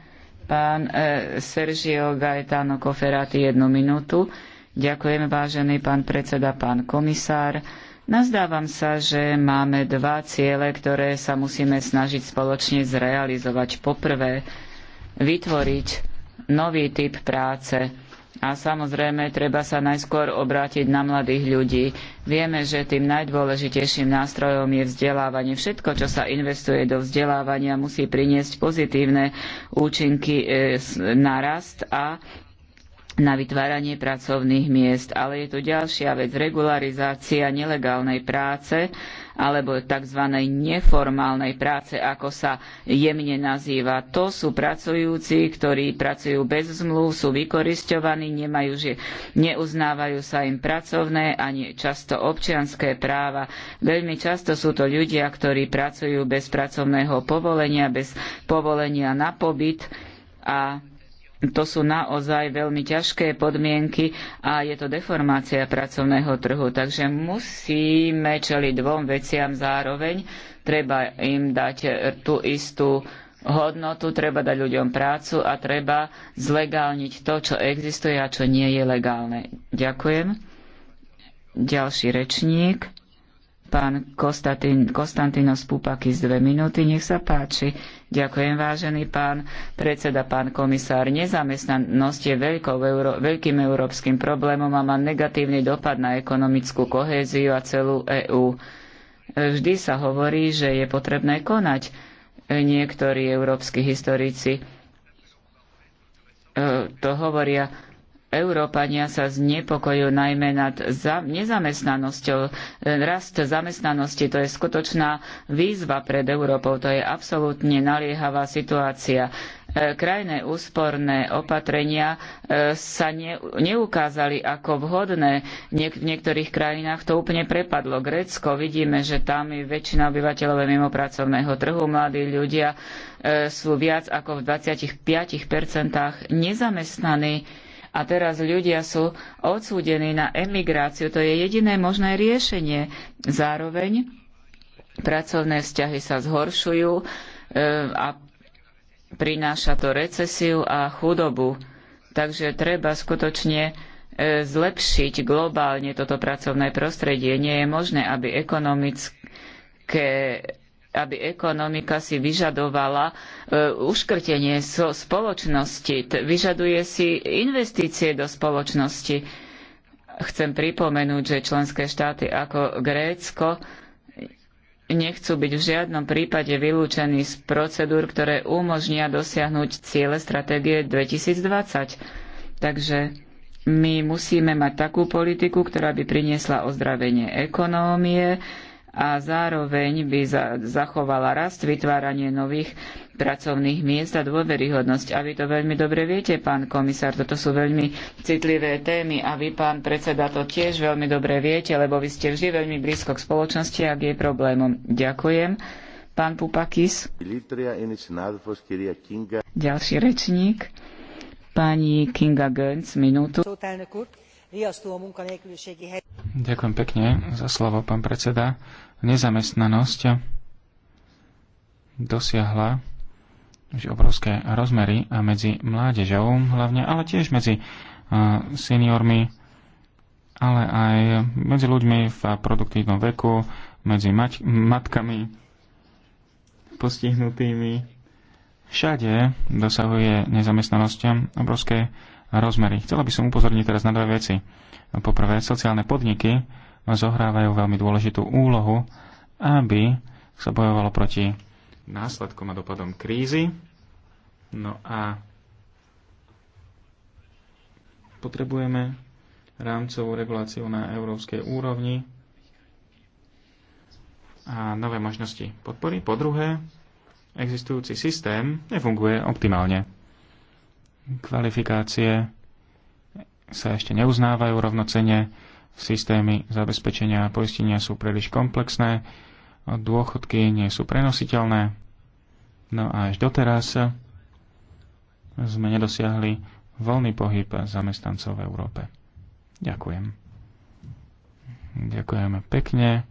Pán e, Sergio Gaetano Koferati jednu minútu. Ďakujem, vážený pán predseda, pán komisár. Nazdávam sa, že máme dva ciele, ktoré sa musíme snažiť spoločne zrealizovať. Poprvé, vytvoriť nový typ práce a samozrejme, treba sa najskôr obrátiť na mladých ľudí. Vieme, že tým najdôležitejším nástrojom je vzdelávanie. Všetko, čo sa investuje do vzdelávania, musí priniesť pozitívne účinky e, na rast a na vytváranie pracovných miest. Ale je tu ďalšia vec, regularizácia nelegálnej práce, alebo tzv. neformálnej práce, ako sa jemne nazýva. To sú pracujúci, ktorí pracujú bez zmluv, sú vykorisťovaní, nemajú, že neuznávajú sa im pracovné ani často občianské práva. Veľmi často sú to ľudia, ktorí pracujú bez pracovného povolenia, bez povolenia na pobyt a to sú naozaj veľmi ťažké podmienky a je to deformácia pracovného trhu. Takže musíme čeliť dvom veciam zároveň. Treba im dať tú istú hodnotu, treba dať ľuďom prácu a treba zlegálniť to, čo existuje a čo nie je legálne. Ďakujem. Ďalší rečník, pán Konstantinos Pupakis, dve minúty, nech sa páči. Ďakujem, vážený pán predseda, pán komisár. Nezamestnanosť je euro, veľkým európskym problémom a má negatívny dopad na ekonomickú kohéziu a celú EÚ. Vždy sa hovorí, že je potrebné konať. Niektorí európski historici e, to hovoria Európania sa znepokojujú najmä nad nezamestnanosťou. Rast zamestnanosti to je skutočná výzva pred Európou, to je absolútne naliehavá situácia. E, krajné úsporné opatrenia e, sa ne, neukázali ako vhodné. v niektorých krajinách to úplne prepadlo. Grécko, vidíme, že tam je väčšina obyvateľov mimo pracovného trhu. Mladí ľudia e, sú viac ako v 25% nezamestnaní a teraz ľudia sú odsúdení na emigráciu. To je jediné možné riešenie. Zároveň pracovné vzťahy sa zhoršujú e, a prináša to recesiu a chudobu. Takže treba skutočne e, zlepšiť globálne toto pracovné prostredie. Nie je možné, aby ekonomické aby ekonomika si vyžadovala e, uškrtenie spoločnosti, vyžaduje si investície do spoločnosti. Chcem pripomenúť, že členské štáty ako Grécko nechcú byť v žiadnom prípade vylúčení z procedúr, ktoré umožnia dosiahnuť ciele stratégie 2020. Takže my musíme mať takú politiku, ktorá by priniesla ozdravenie ekonómie, a zároveň by za, zachovala rast, vytváranie nových pracovných miest a dôveryhodnosť. A vy to veľmi dobre viete, pán komisár, toto sú veľmi citlivé témy a vy, pán predseda, to tiež veľmi dobre viete, lebo vy ste vždy veľmi blízko k spoločnosti a k jej problémom. Ďakujem. Pán Pupakis. Ďalší rečník. Pani Kinga Gönc, minútu. Ďakujem pekne za slovo, pán predseda. Nezamestnanosť dosiahla už obrovské rozmery a medzi mládežou hlavne, ale tiež medzi seniormi, ale aj medzi ľuďmi v produktívnom veku, medzi mať- matkami postihnutými. Všade dosahuje nezamestnanosť obrovské rozmery. Chcela by som upozorniť teraz na dve veci. Poprvé, sociálne podniky zohrávajú veľmi dôležitú úlohu, aby sa bojovalo proti následkom a dopadom krízy. No a potrebujeme rámcovú reguláciu na európskej úrovni a nové možnosti podpory. Po druhé, existujúci systém nefunguje optimálne kvalifikácie sa ešte neuznávajú rovnocene, systémy zabezpečenia a poistenia sú príliš komplexné, dôchodky nie sú prenositeľné. No a až doteraz sme nedosiahli voľný pohyb zamestnancov v Európe. Ďakujem. Ďakujem pekne.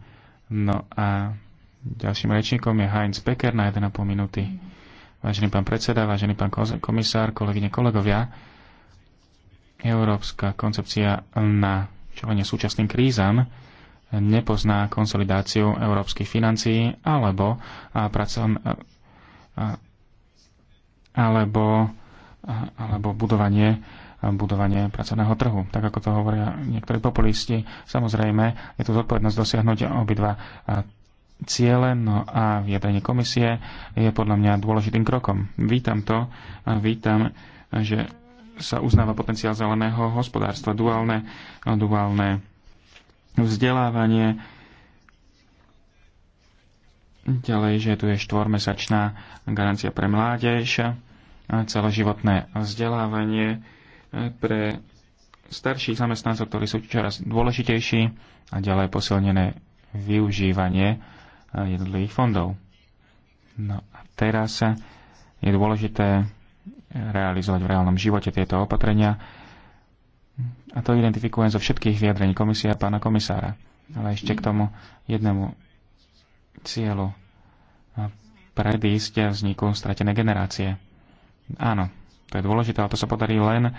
No a ďalším rečníkom je Heinz Becker na 1,5 minúty. Vážený pán predseda, vážený pán komisár, kolegyne, kolegovia, európska koncepcia na čelenie súčasným krízam nepozná konsolidáciu európskych financií alebo a pracovn, a, alebo, a, alebo budovanie budovanie pracovného trhu. Tak ako to hovoria niektorí populisti, samozrejme je tu zodpovednosť dosiahnuť obidva ciele, no a vyjadrenie komisie je podľa mňa dôležitým krokom. Vítam to, a vítam, že sa uznáva potenciál zeleného hospodárstva, duálne, no, duálne vzdelávanie, ďalej, že tu je štvormesačná garancia pre mládež, celoživotné vzdelávanie pre starších zamestnancov, ktorí sú čoraz dôležitejší a ďalej posilnené využívanie jednotlivých fondov. No a teraz je dôležité realizovať v reálnom živote tieto opatrenia a to identifikujem zo všetkých vyjadrení komisie a pána komisára. Ale ešte k tomu jednému cieľu predísť vzniku stratené generácie. Áno, to je dôležité, ale to sa podarí len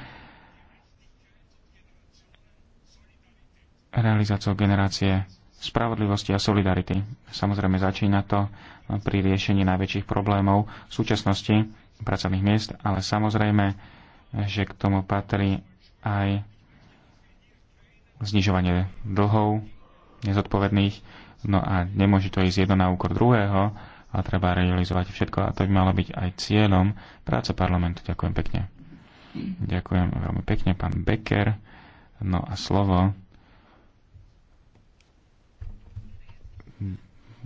realizáciou generácie spravodlivosti a solidarity. Samozrejme začína to pri riešení najväčších problémov v súčasnosti pracovných miest, ale samozrejme, že k tomu patrí aj znižovanie dlhov nezodpovedných, no a nemôže to ísť jedno na úkor druhého, a treba realizovať všetko a to by malo byť aj cieľom práce parlamentu. Ďakujem pekne. Ďakujem veľmi pekne, pán Becker. No a slovo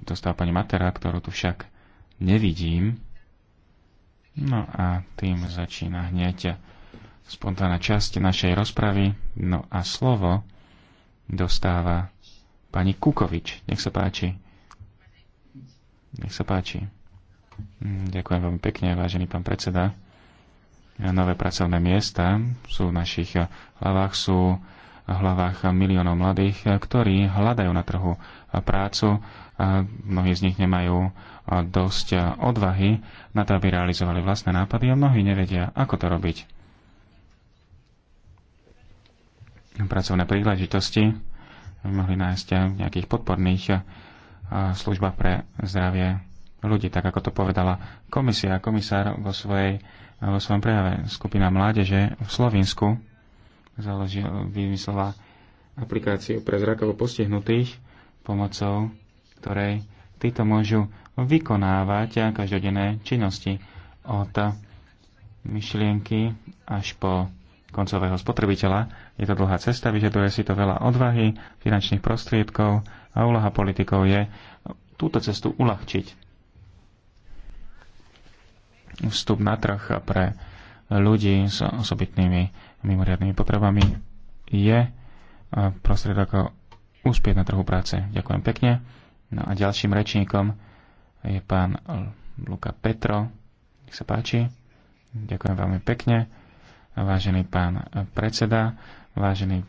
dostala pani Matera, ktorú tu však nevidím. No a tým začína hneď spontánna časť našej rozpravy. No a slovo dostáva pani Kukovič. Nech sa páči. Nech sa páči. Ďakujem veľmi pekne, vážený pán predseda. Nové pracovné miesta sú v našich hlavách, sú v hlavách miliónov mladých, ktorí hľadajú na trhu prácu mnohí z nich nemajú dosť odvahy na to, aby realizovali vlastné nápady a mnohí nevedia, ako to robiť. Pracovné príležitosti mohli nájsť v nejakých podporných službách pre zdravie ľudí, tak ako to povedala komisia, komisár vo, svojej, vo svojom prejave. Skupina mládeže v Slovensku založila, vymyslela aplikáciu pre zrakovo postihnutých pomocou ktorej títo môžu vykonávať každodenné činnosti od myšlienky až po koncového spotrebiteľa. Je to dlhá cesta, vyžaduje si to veľa odvahy, finančných prostriedkov a úloha politikov je túto cestu uľahčiť. Vstup na trh pre ľudí s osobitnými mimoriadnými potrebami je prostriedok úspieť na trhu práce. Ďakujem pekne. No a ďalším rečníkom je pán Luka Petro. Nech sa páči. Ďakujem veľmi pekne. Vážený pán predseda, vážení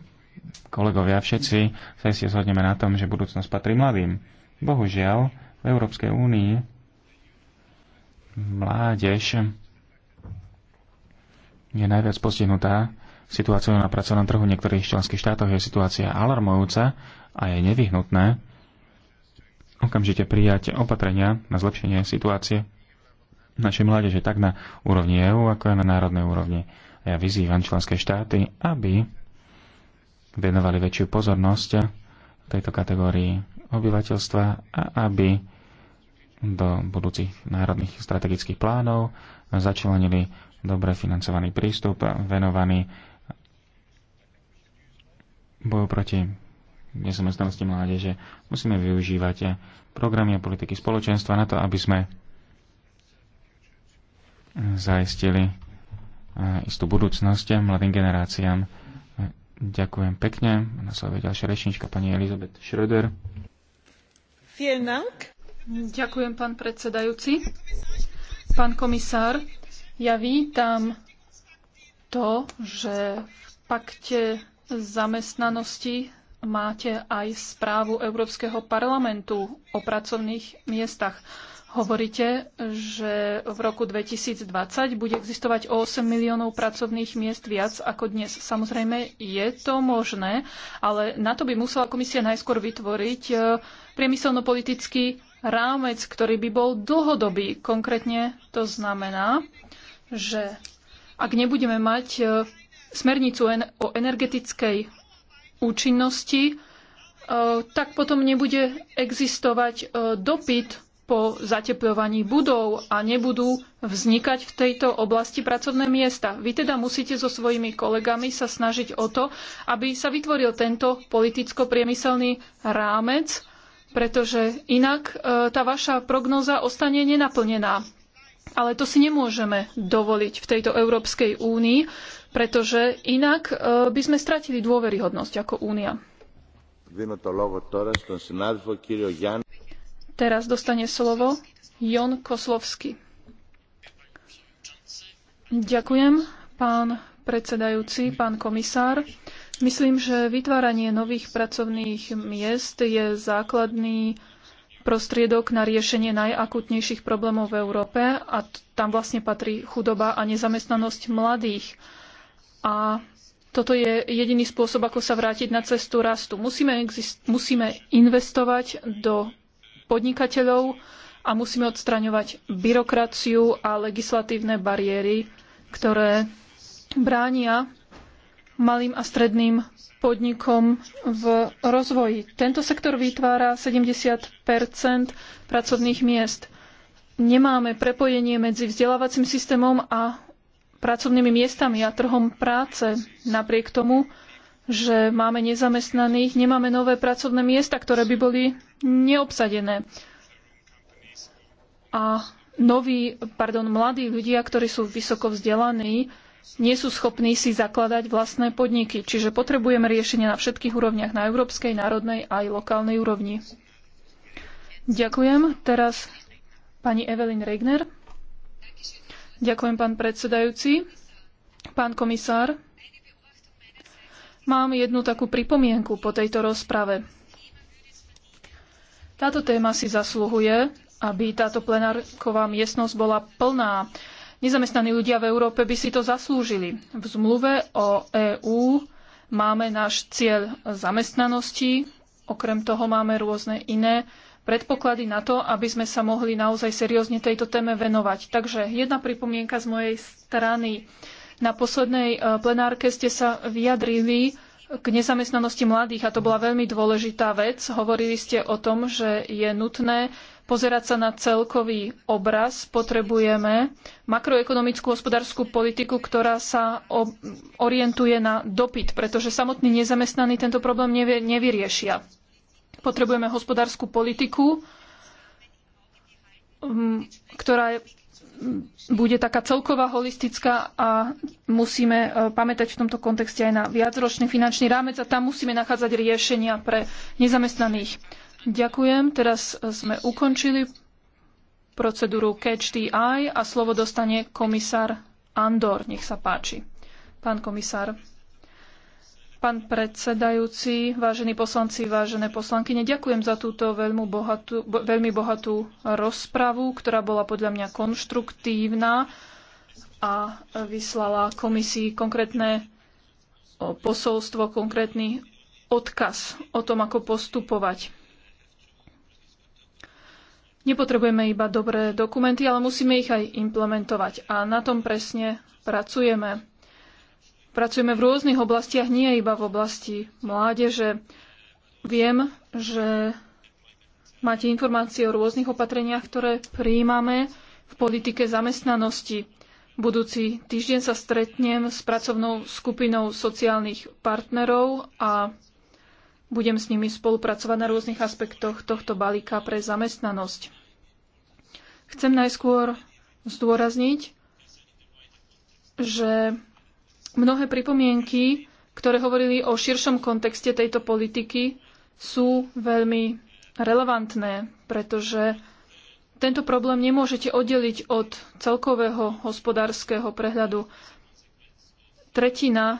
kolegovia, všetci sa si zhodneme na tom, že budúcnosť patrí mladým. Bohužiaľ, v Európskej únii mládež je najviac postihnutá situáciou na pracovnom trhu. V niektorých členských štátoch je situácia alarmujúca a je nevyhnutné, okamžite prijať opatrenia na zlepšenie situácie našej mládeže tak na úrovni EÚ, ako aj na národnej úrovni. A ja vyzývam členské štáty, aby venovali väčšiu pozornosť tejto kategórii obyvateľstva a aby do budúcich národných strategických plánov začlenili dobre financovaný prístup venovaný boju proti nezamestnanosti mládeže. Musíme využívať programy a politiky spoločenstva na to, aby sme zaistili istú budúcnosť mladým generáciám. Ďakujem pekne. Na slove ďalšia rečnička pani Elizabeth Schröder. Ďakujem, pán predsedajúci. Pán komisár, ja vítam to, že v pakte zamestnanosti máte aj správu Európskeho parlamentu o pracovných miestach. Hovoríte, že v roku 2020 bude existovať o 8 miliónov pracovných miest viac ako dnes. Samozrejme, je to možné, ale na to by musela komisia najskôr vytvoriť e, priemyselno-politický rámec, ktorý by bol dlhodobý. Konkrétne to znamená, že ak nebudeme mať e, smernicu o energetickej účinnosti, e, tak potom nebude existovať e, dopyt po zateplovaní budov a nebudú vznikať v tejto oblasti pracovné miesta. Vy teda musíte so svojimi kolegami sa snažiť o to, aby sa vytvoril tento politicko-priemyselný rámec, pretože inak e, tá vaša prognóza ostane nenaplnená. Ale to si nemôžeme dovoliť v tejto Európskej únii, pretože inak e, by sme stratili dôveryhodnosť ako únia. Teraz dostane slovo Jon Koslovsky. Ďakujem, pán predsedajúci, pán komisár. Myslím, že vytváranie nových pracovných miest je základný prostriedok na riešenie najakutnejších problémov v Európe a tam vlastne patrí chudoba a nezamestnanosť mladých. A toto je jediný spôsob, ako sa vrátiť na cestu rastu. Musíme, musíme investovať do podnikateľov a musíme odstraňovať byrokraciu a legislatívne bariéry, ktoré bránia malým a stredným podnikom v rozvoji. Tento sektor vytvára 70 pracovných miest. Nemáme prepojenie medzi vzdelávacím systémom a pracovnými miestami a trhom práce. Napriek tomu, že máme nezamestnaných, nemáme nové pracovné miesta, ktoré by boli neobsadené. A noví, pardon, mladí ľudia, ktorí sú vysoko vzdelaní, nie sú schopní si zakladať vlastné podniky. Čiže potrebujeme riešenie na všetkých úrovniach, na európskej, národnej aj lokálnej úrovni. Ďakujem. Teraz pani Evelyn Regner. Ďakujem, pán predsedajúci. Pán komisár, mám jednu takú pripomienku po tejto rozprave. Táto téma si zasluhuje, aby táto plenárková miestnosť bola plná. Nezamestnaní ľudia v Európe by si to zaslúžili. V zmluve o EÚ máme náš cieľ zamestnanosti, okrem toho máme rôzne iné predpoklady na to, aby sme sa mohli naozaj seriózne tejto téme venovať. Takže jedna pripomienka z mojej strany. Na poslednej e, plenárke ste sa vyjadrili k nezamestnanosti mladých a to bola veľmi dôležitá vec. Hovorili ste o tom, že je nutné pozerať sa na celkový obraz. Potrebujeme makroekonomickú hospodárskú politiku, ktorá sa orientuje na dopyt, pretože samotní nezamestnaní tento problém nevyriešia. Potrebujeme hospodárskú politiku, ktorá bude taká celková, holistická a musíme e, pamätať v tomto kontexte aj na viacročný finančný rámec a tam musíme nachádzať riešenia pre nezamestnaných. Ďakujem. Teraz sme ukončili procedúru Catch the Eye a slovo dostane komisár Andor. Nech sa páči. Pán komisár. Pán predsedajúci, vážení poslanci, vážené poslankyne, ďakujem za túto veľmi bohatú, veľmi bohatú rozpravu, ktorá bola podľa mňa konštruktívna a vyslala komisii konkrétne posolstvo, konkrétny odkaz o tom, ako postupovať. Nepotrebujeme iba dobré dokumenty, ale musíme ich aj implementovať. A na tom presne pracujeme. Pracujeme v rôznych oblastiach, nie iba v oblasti mládeže. Viem, že máte informácie o rôznych opatreniach, ktoré prijímame v politike zamestnanosti. Budúci týždeň sa stretnem s pracovnou skupinou sociálnych partnerov a budem s nimi spolupracovať na rôznych aspektoch tohto balíka pre zamestnanosť. Chcem najskôr zdôrazniť, že Mnohé pripomienky, ktoré hovorili o širšom kontexte tejto politiky, sú veľmi relevantné, pretože tento problém nemôžete oddeliť od celkového hospodárskeho prehľadu. Tretina e,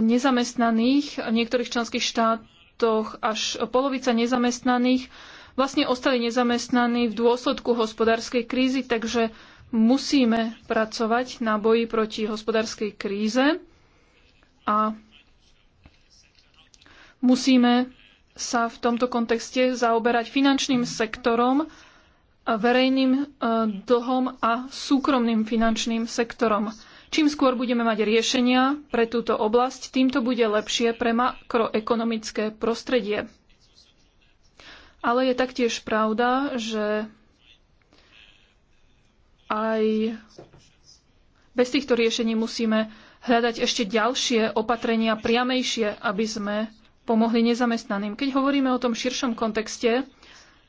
nezamestnaných v niektorých členských štátoch až polovica nezamestnaných vlastne ostali nezamestnaní v dôsledku hospodárskej krízy, takže Musíme pracovať na boji proti hospodárskej kríze a musíme sa v tomto kontexte zaoberať finančným sektorom, verejným e, dlhom a súkromným finančným sektorom. Čím skôr budeme mať riešenia pre túto oblasť, tým to bude lepšie pre makroekonomické prostredie. Ale je taktiež pravda, že aj bez týchto riešení musíme hľadať ešte ďalšie opatrenia priamejšie, aby sme pomohli nezamestnaným. Keď hovoríme o tom širšom kontexte,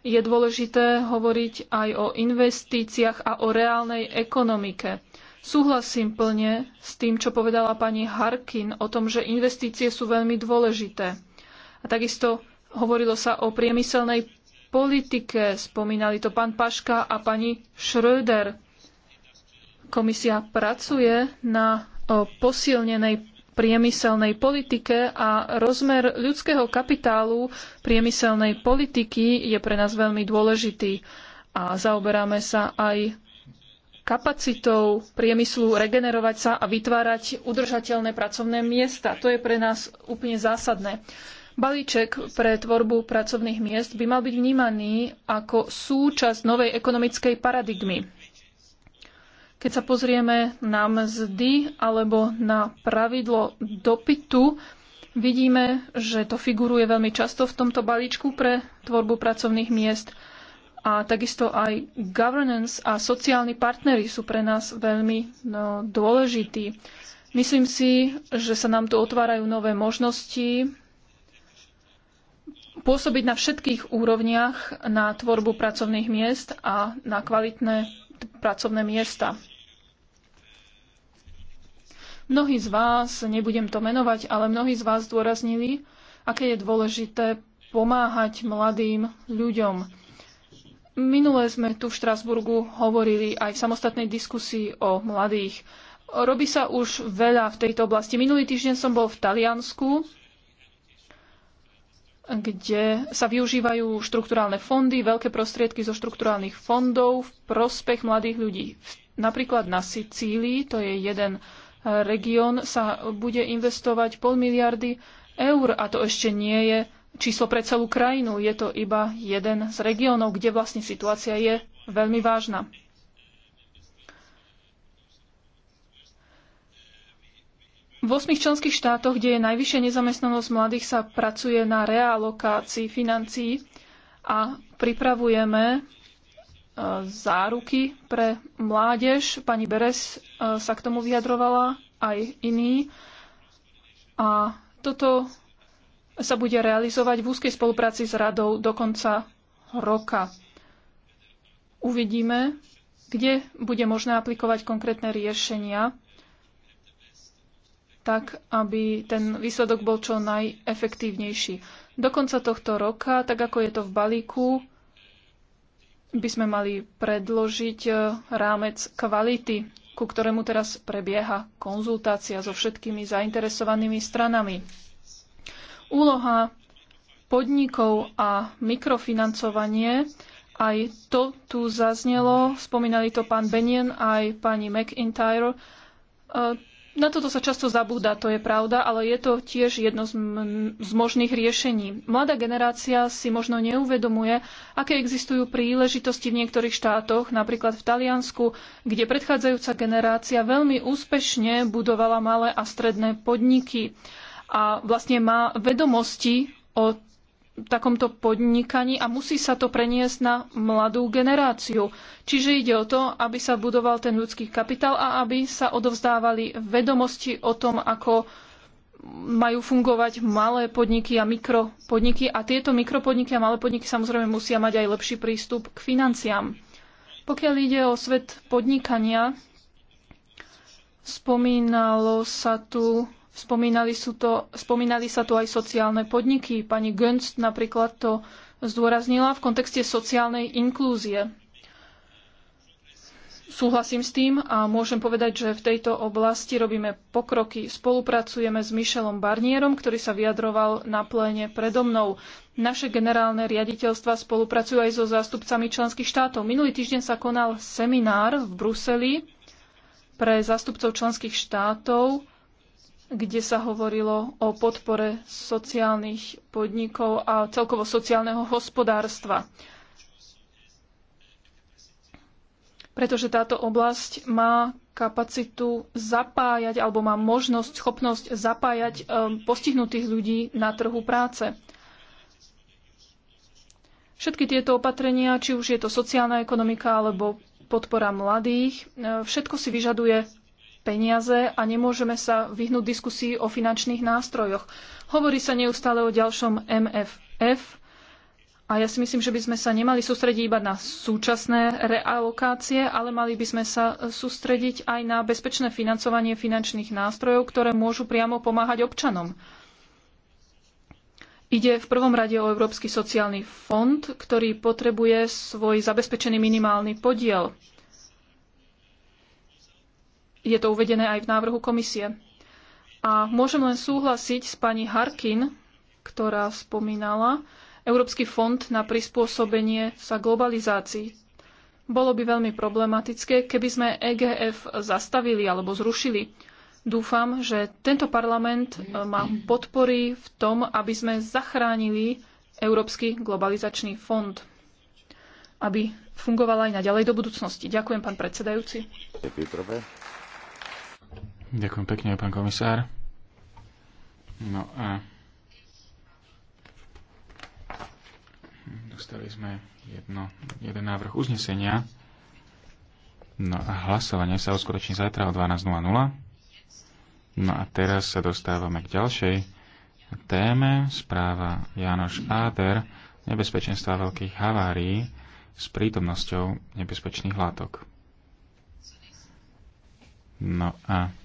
je dôležité hovoriť aj o investíciách a o reálnej ekonomike. Súhlasím plne s tým, čo povedala pani Harkin o tom, že investície sú veľmi dôležité. A takisto hovorilo sa o priemyselnej politike, spomínali to pán Paška a pani Schröder. Komisia pracuje na posilnenej priemyselnej politike a rozmer ľudského kapitálu priemyselnej politiky je pre nás veľmi dôležitý. A zaoberáme sa aj kapacitou priemyslu regenerovať sa a vytvárať udržateľné pracovné miesta. To je pre nás úplne zásadné. Balíček pre tvorbu pracovných miest by mal byť vnímaný ako súčasť novej ekonomickej paradigmy keď sa pozrieme na mzdy alebo na pravidlo dopytu, vidíme, že to figuruje veľmi často v tomto balíčku pre tvorbu pracovných miest. A takisto aj governance a sociálni partnery sú pre nás veľmi no, dôležití. Myslím si, že sa nám tu otvárajú nové možnosti pôsobiť na všetkých úrovniach na tvorbu pracovných miest a na kvalitné pracovné miesta. Mnohí z vás, nebudem to menovať, ale mnohí z vás dôraznili, aké je dôležité pomáhať mladým ľuďom. Minule sme tu v Štrasburgu hovorili aj v samostatnej diskusii o mladých. Robí sa už veľa v tejto oblasti. Minulý týždeň som bol v Taliansku, kde sa využívajú štrukturálne fondy, veľké prostriedky zo štrukturálnych fondov v prospech mladých ľudí. Napríklad na Sicílii, to je jeden región sa bude investovať pol miliardy eur a to ešte nie je číslo pre celú krajinu. Je to iba jeden z regiónov, kde vlastne situácia je veľmi vážna. V osmých členských štátoch, kde je najvyššia nezamestnanosť mladých, sa pracuje na realokácii financií a pripravujeme záruky pre mládež. Pani Beres e, sa k tomu vyjadrovala, aj iní. A toto sa bude realizovať v úzkej spolupráci s radou do konca roka. Uvidíme, kde bude možné aplikovať konkrétne riešenia, tak aby ten výsledok bol čo najefektívnejší. Do konca tohto roka, tak ako je to v balíku, by sme mali predložiť e, rámec kvality, ku ktorému teraz prebieha konzultácia so všetkými zainteresovanými stranami. Úloha podnikov a mikrofinancovanie, aj to tu zaznelo, spomínali to pán Benien aj pani McIntyre, e, na toto sa často zabúda, to je pravda, ale je to tiež jedno z, z možných riešení. Mladá generácia si možno neuvedomuje, aké existujú príležitosti v niektorých štátoch, napríklad v Taliansku, kde predchádzajúca generácia veľmi úspešne budovala malé a stredné podniky a vlastne má vedomosti o takomto podnikaní a musí sa to preniesť na mladú generáciu. Čiže ide o to, aby sa budoval ten ľudský kapitál a aby sa odovzdávali vedomosti o tom, ako majú fungovať malé podniky a mikropodniky a tieto mikropodniky a malé podniky samozrejme musia mať aj lepší prístup k financiám. Pokiaľ ide o svet podnikania, spomínalo sa tu Spomínali, sú to, spomínali sa tu aj sociálne podniky. Pani Gönc napríklad to zdôraznila v kontexte sociálnej inklúzie. Súhlasím s tým a môžem povedať, že v tejto oblasti robíme pokroky. Spolupracujeme s Michelom Barnierom, ktorý sa vyjadroval na pléne predo mnou. Naše generálne riaditeľstva spolupracujú aj so zástupcami členských štátov. Minulý týždeň sa konal seminár v Bruseli pre zástupcov členských štátov kde sa hovorilo o podpore sociálnych podnikov a celkovo sociálneho hospodárstva. Pretože táto oblasť má kapacitu zapájať alebo má možnosť, schopnosť zapájať ehm, postihnutých ľudí na trhu práce. Všetky tieto opatrenia, či už je to sociálna ekonomika alebo podpora mladých, ehm, všetko si vyžaduje peniaze a nemôžeme sa vyhnúť diskusii o finančných nástrojoch. Hovorí sa neustále o ďalšom MFF a ja si myslím, že by sme sa nemali sústrediť iba na súčasné realokácie, ale mali by sme sa sústrediť aj na bezpečné financovanie finančných nástrojov, ktoré môžu priamo pomáhať občanom. Ide v prvom rade o Európsky sociálny fond, ktorý potrebuje svoj zabezpečený minimálny podiel. Je to uvedené aj v návrhu komisie. A môžem len súhlasiť s pani Harkin, ktorá spomínala Európsky fond na prispôsobenie sa globalizácii. Bolo by veľmi problematické, keby sme EGF zastavili alebo zrušili. Dúfam, že tento parlament e, ma podporí v tom, aby sme zachránili Európsky globalizačný fond, aby fungovala aj naďalej do budúcnosti. Ďakujem, pán predsedajúci. Ďakujem pekne, pán komisár. No a dostali sme jedno, jeden návrh uznesenia. No a hlasovanie sa uskutoční zajtra o 12.00. No a teraz sa dostávame k ďalšej téme. Správa Janoš Áder nebezpečenstva veľkých havárií s prítomnosťou nebezpečných látok. No a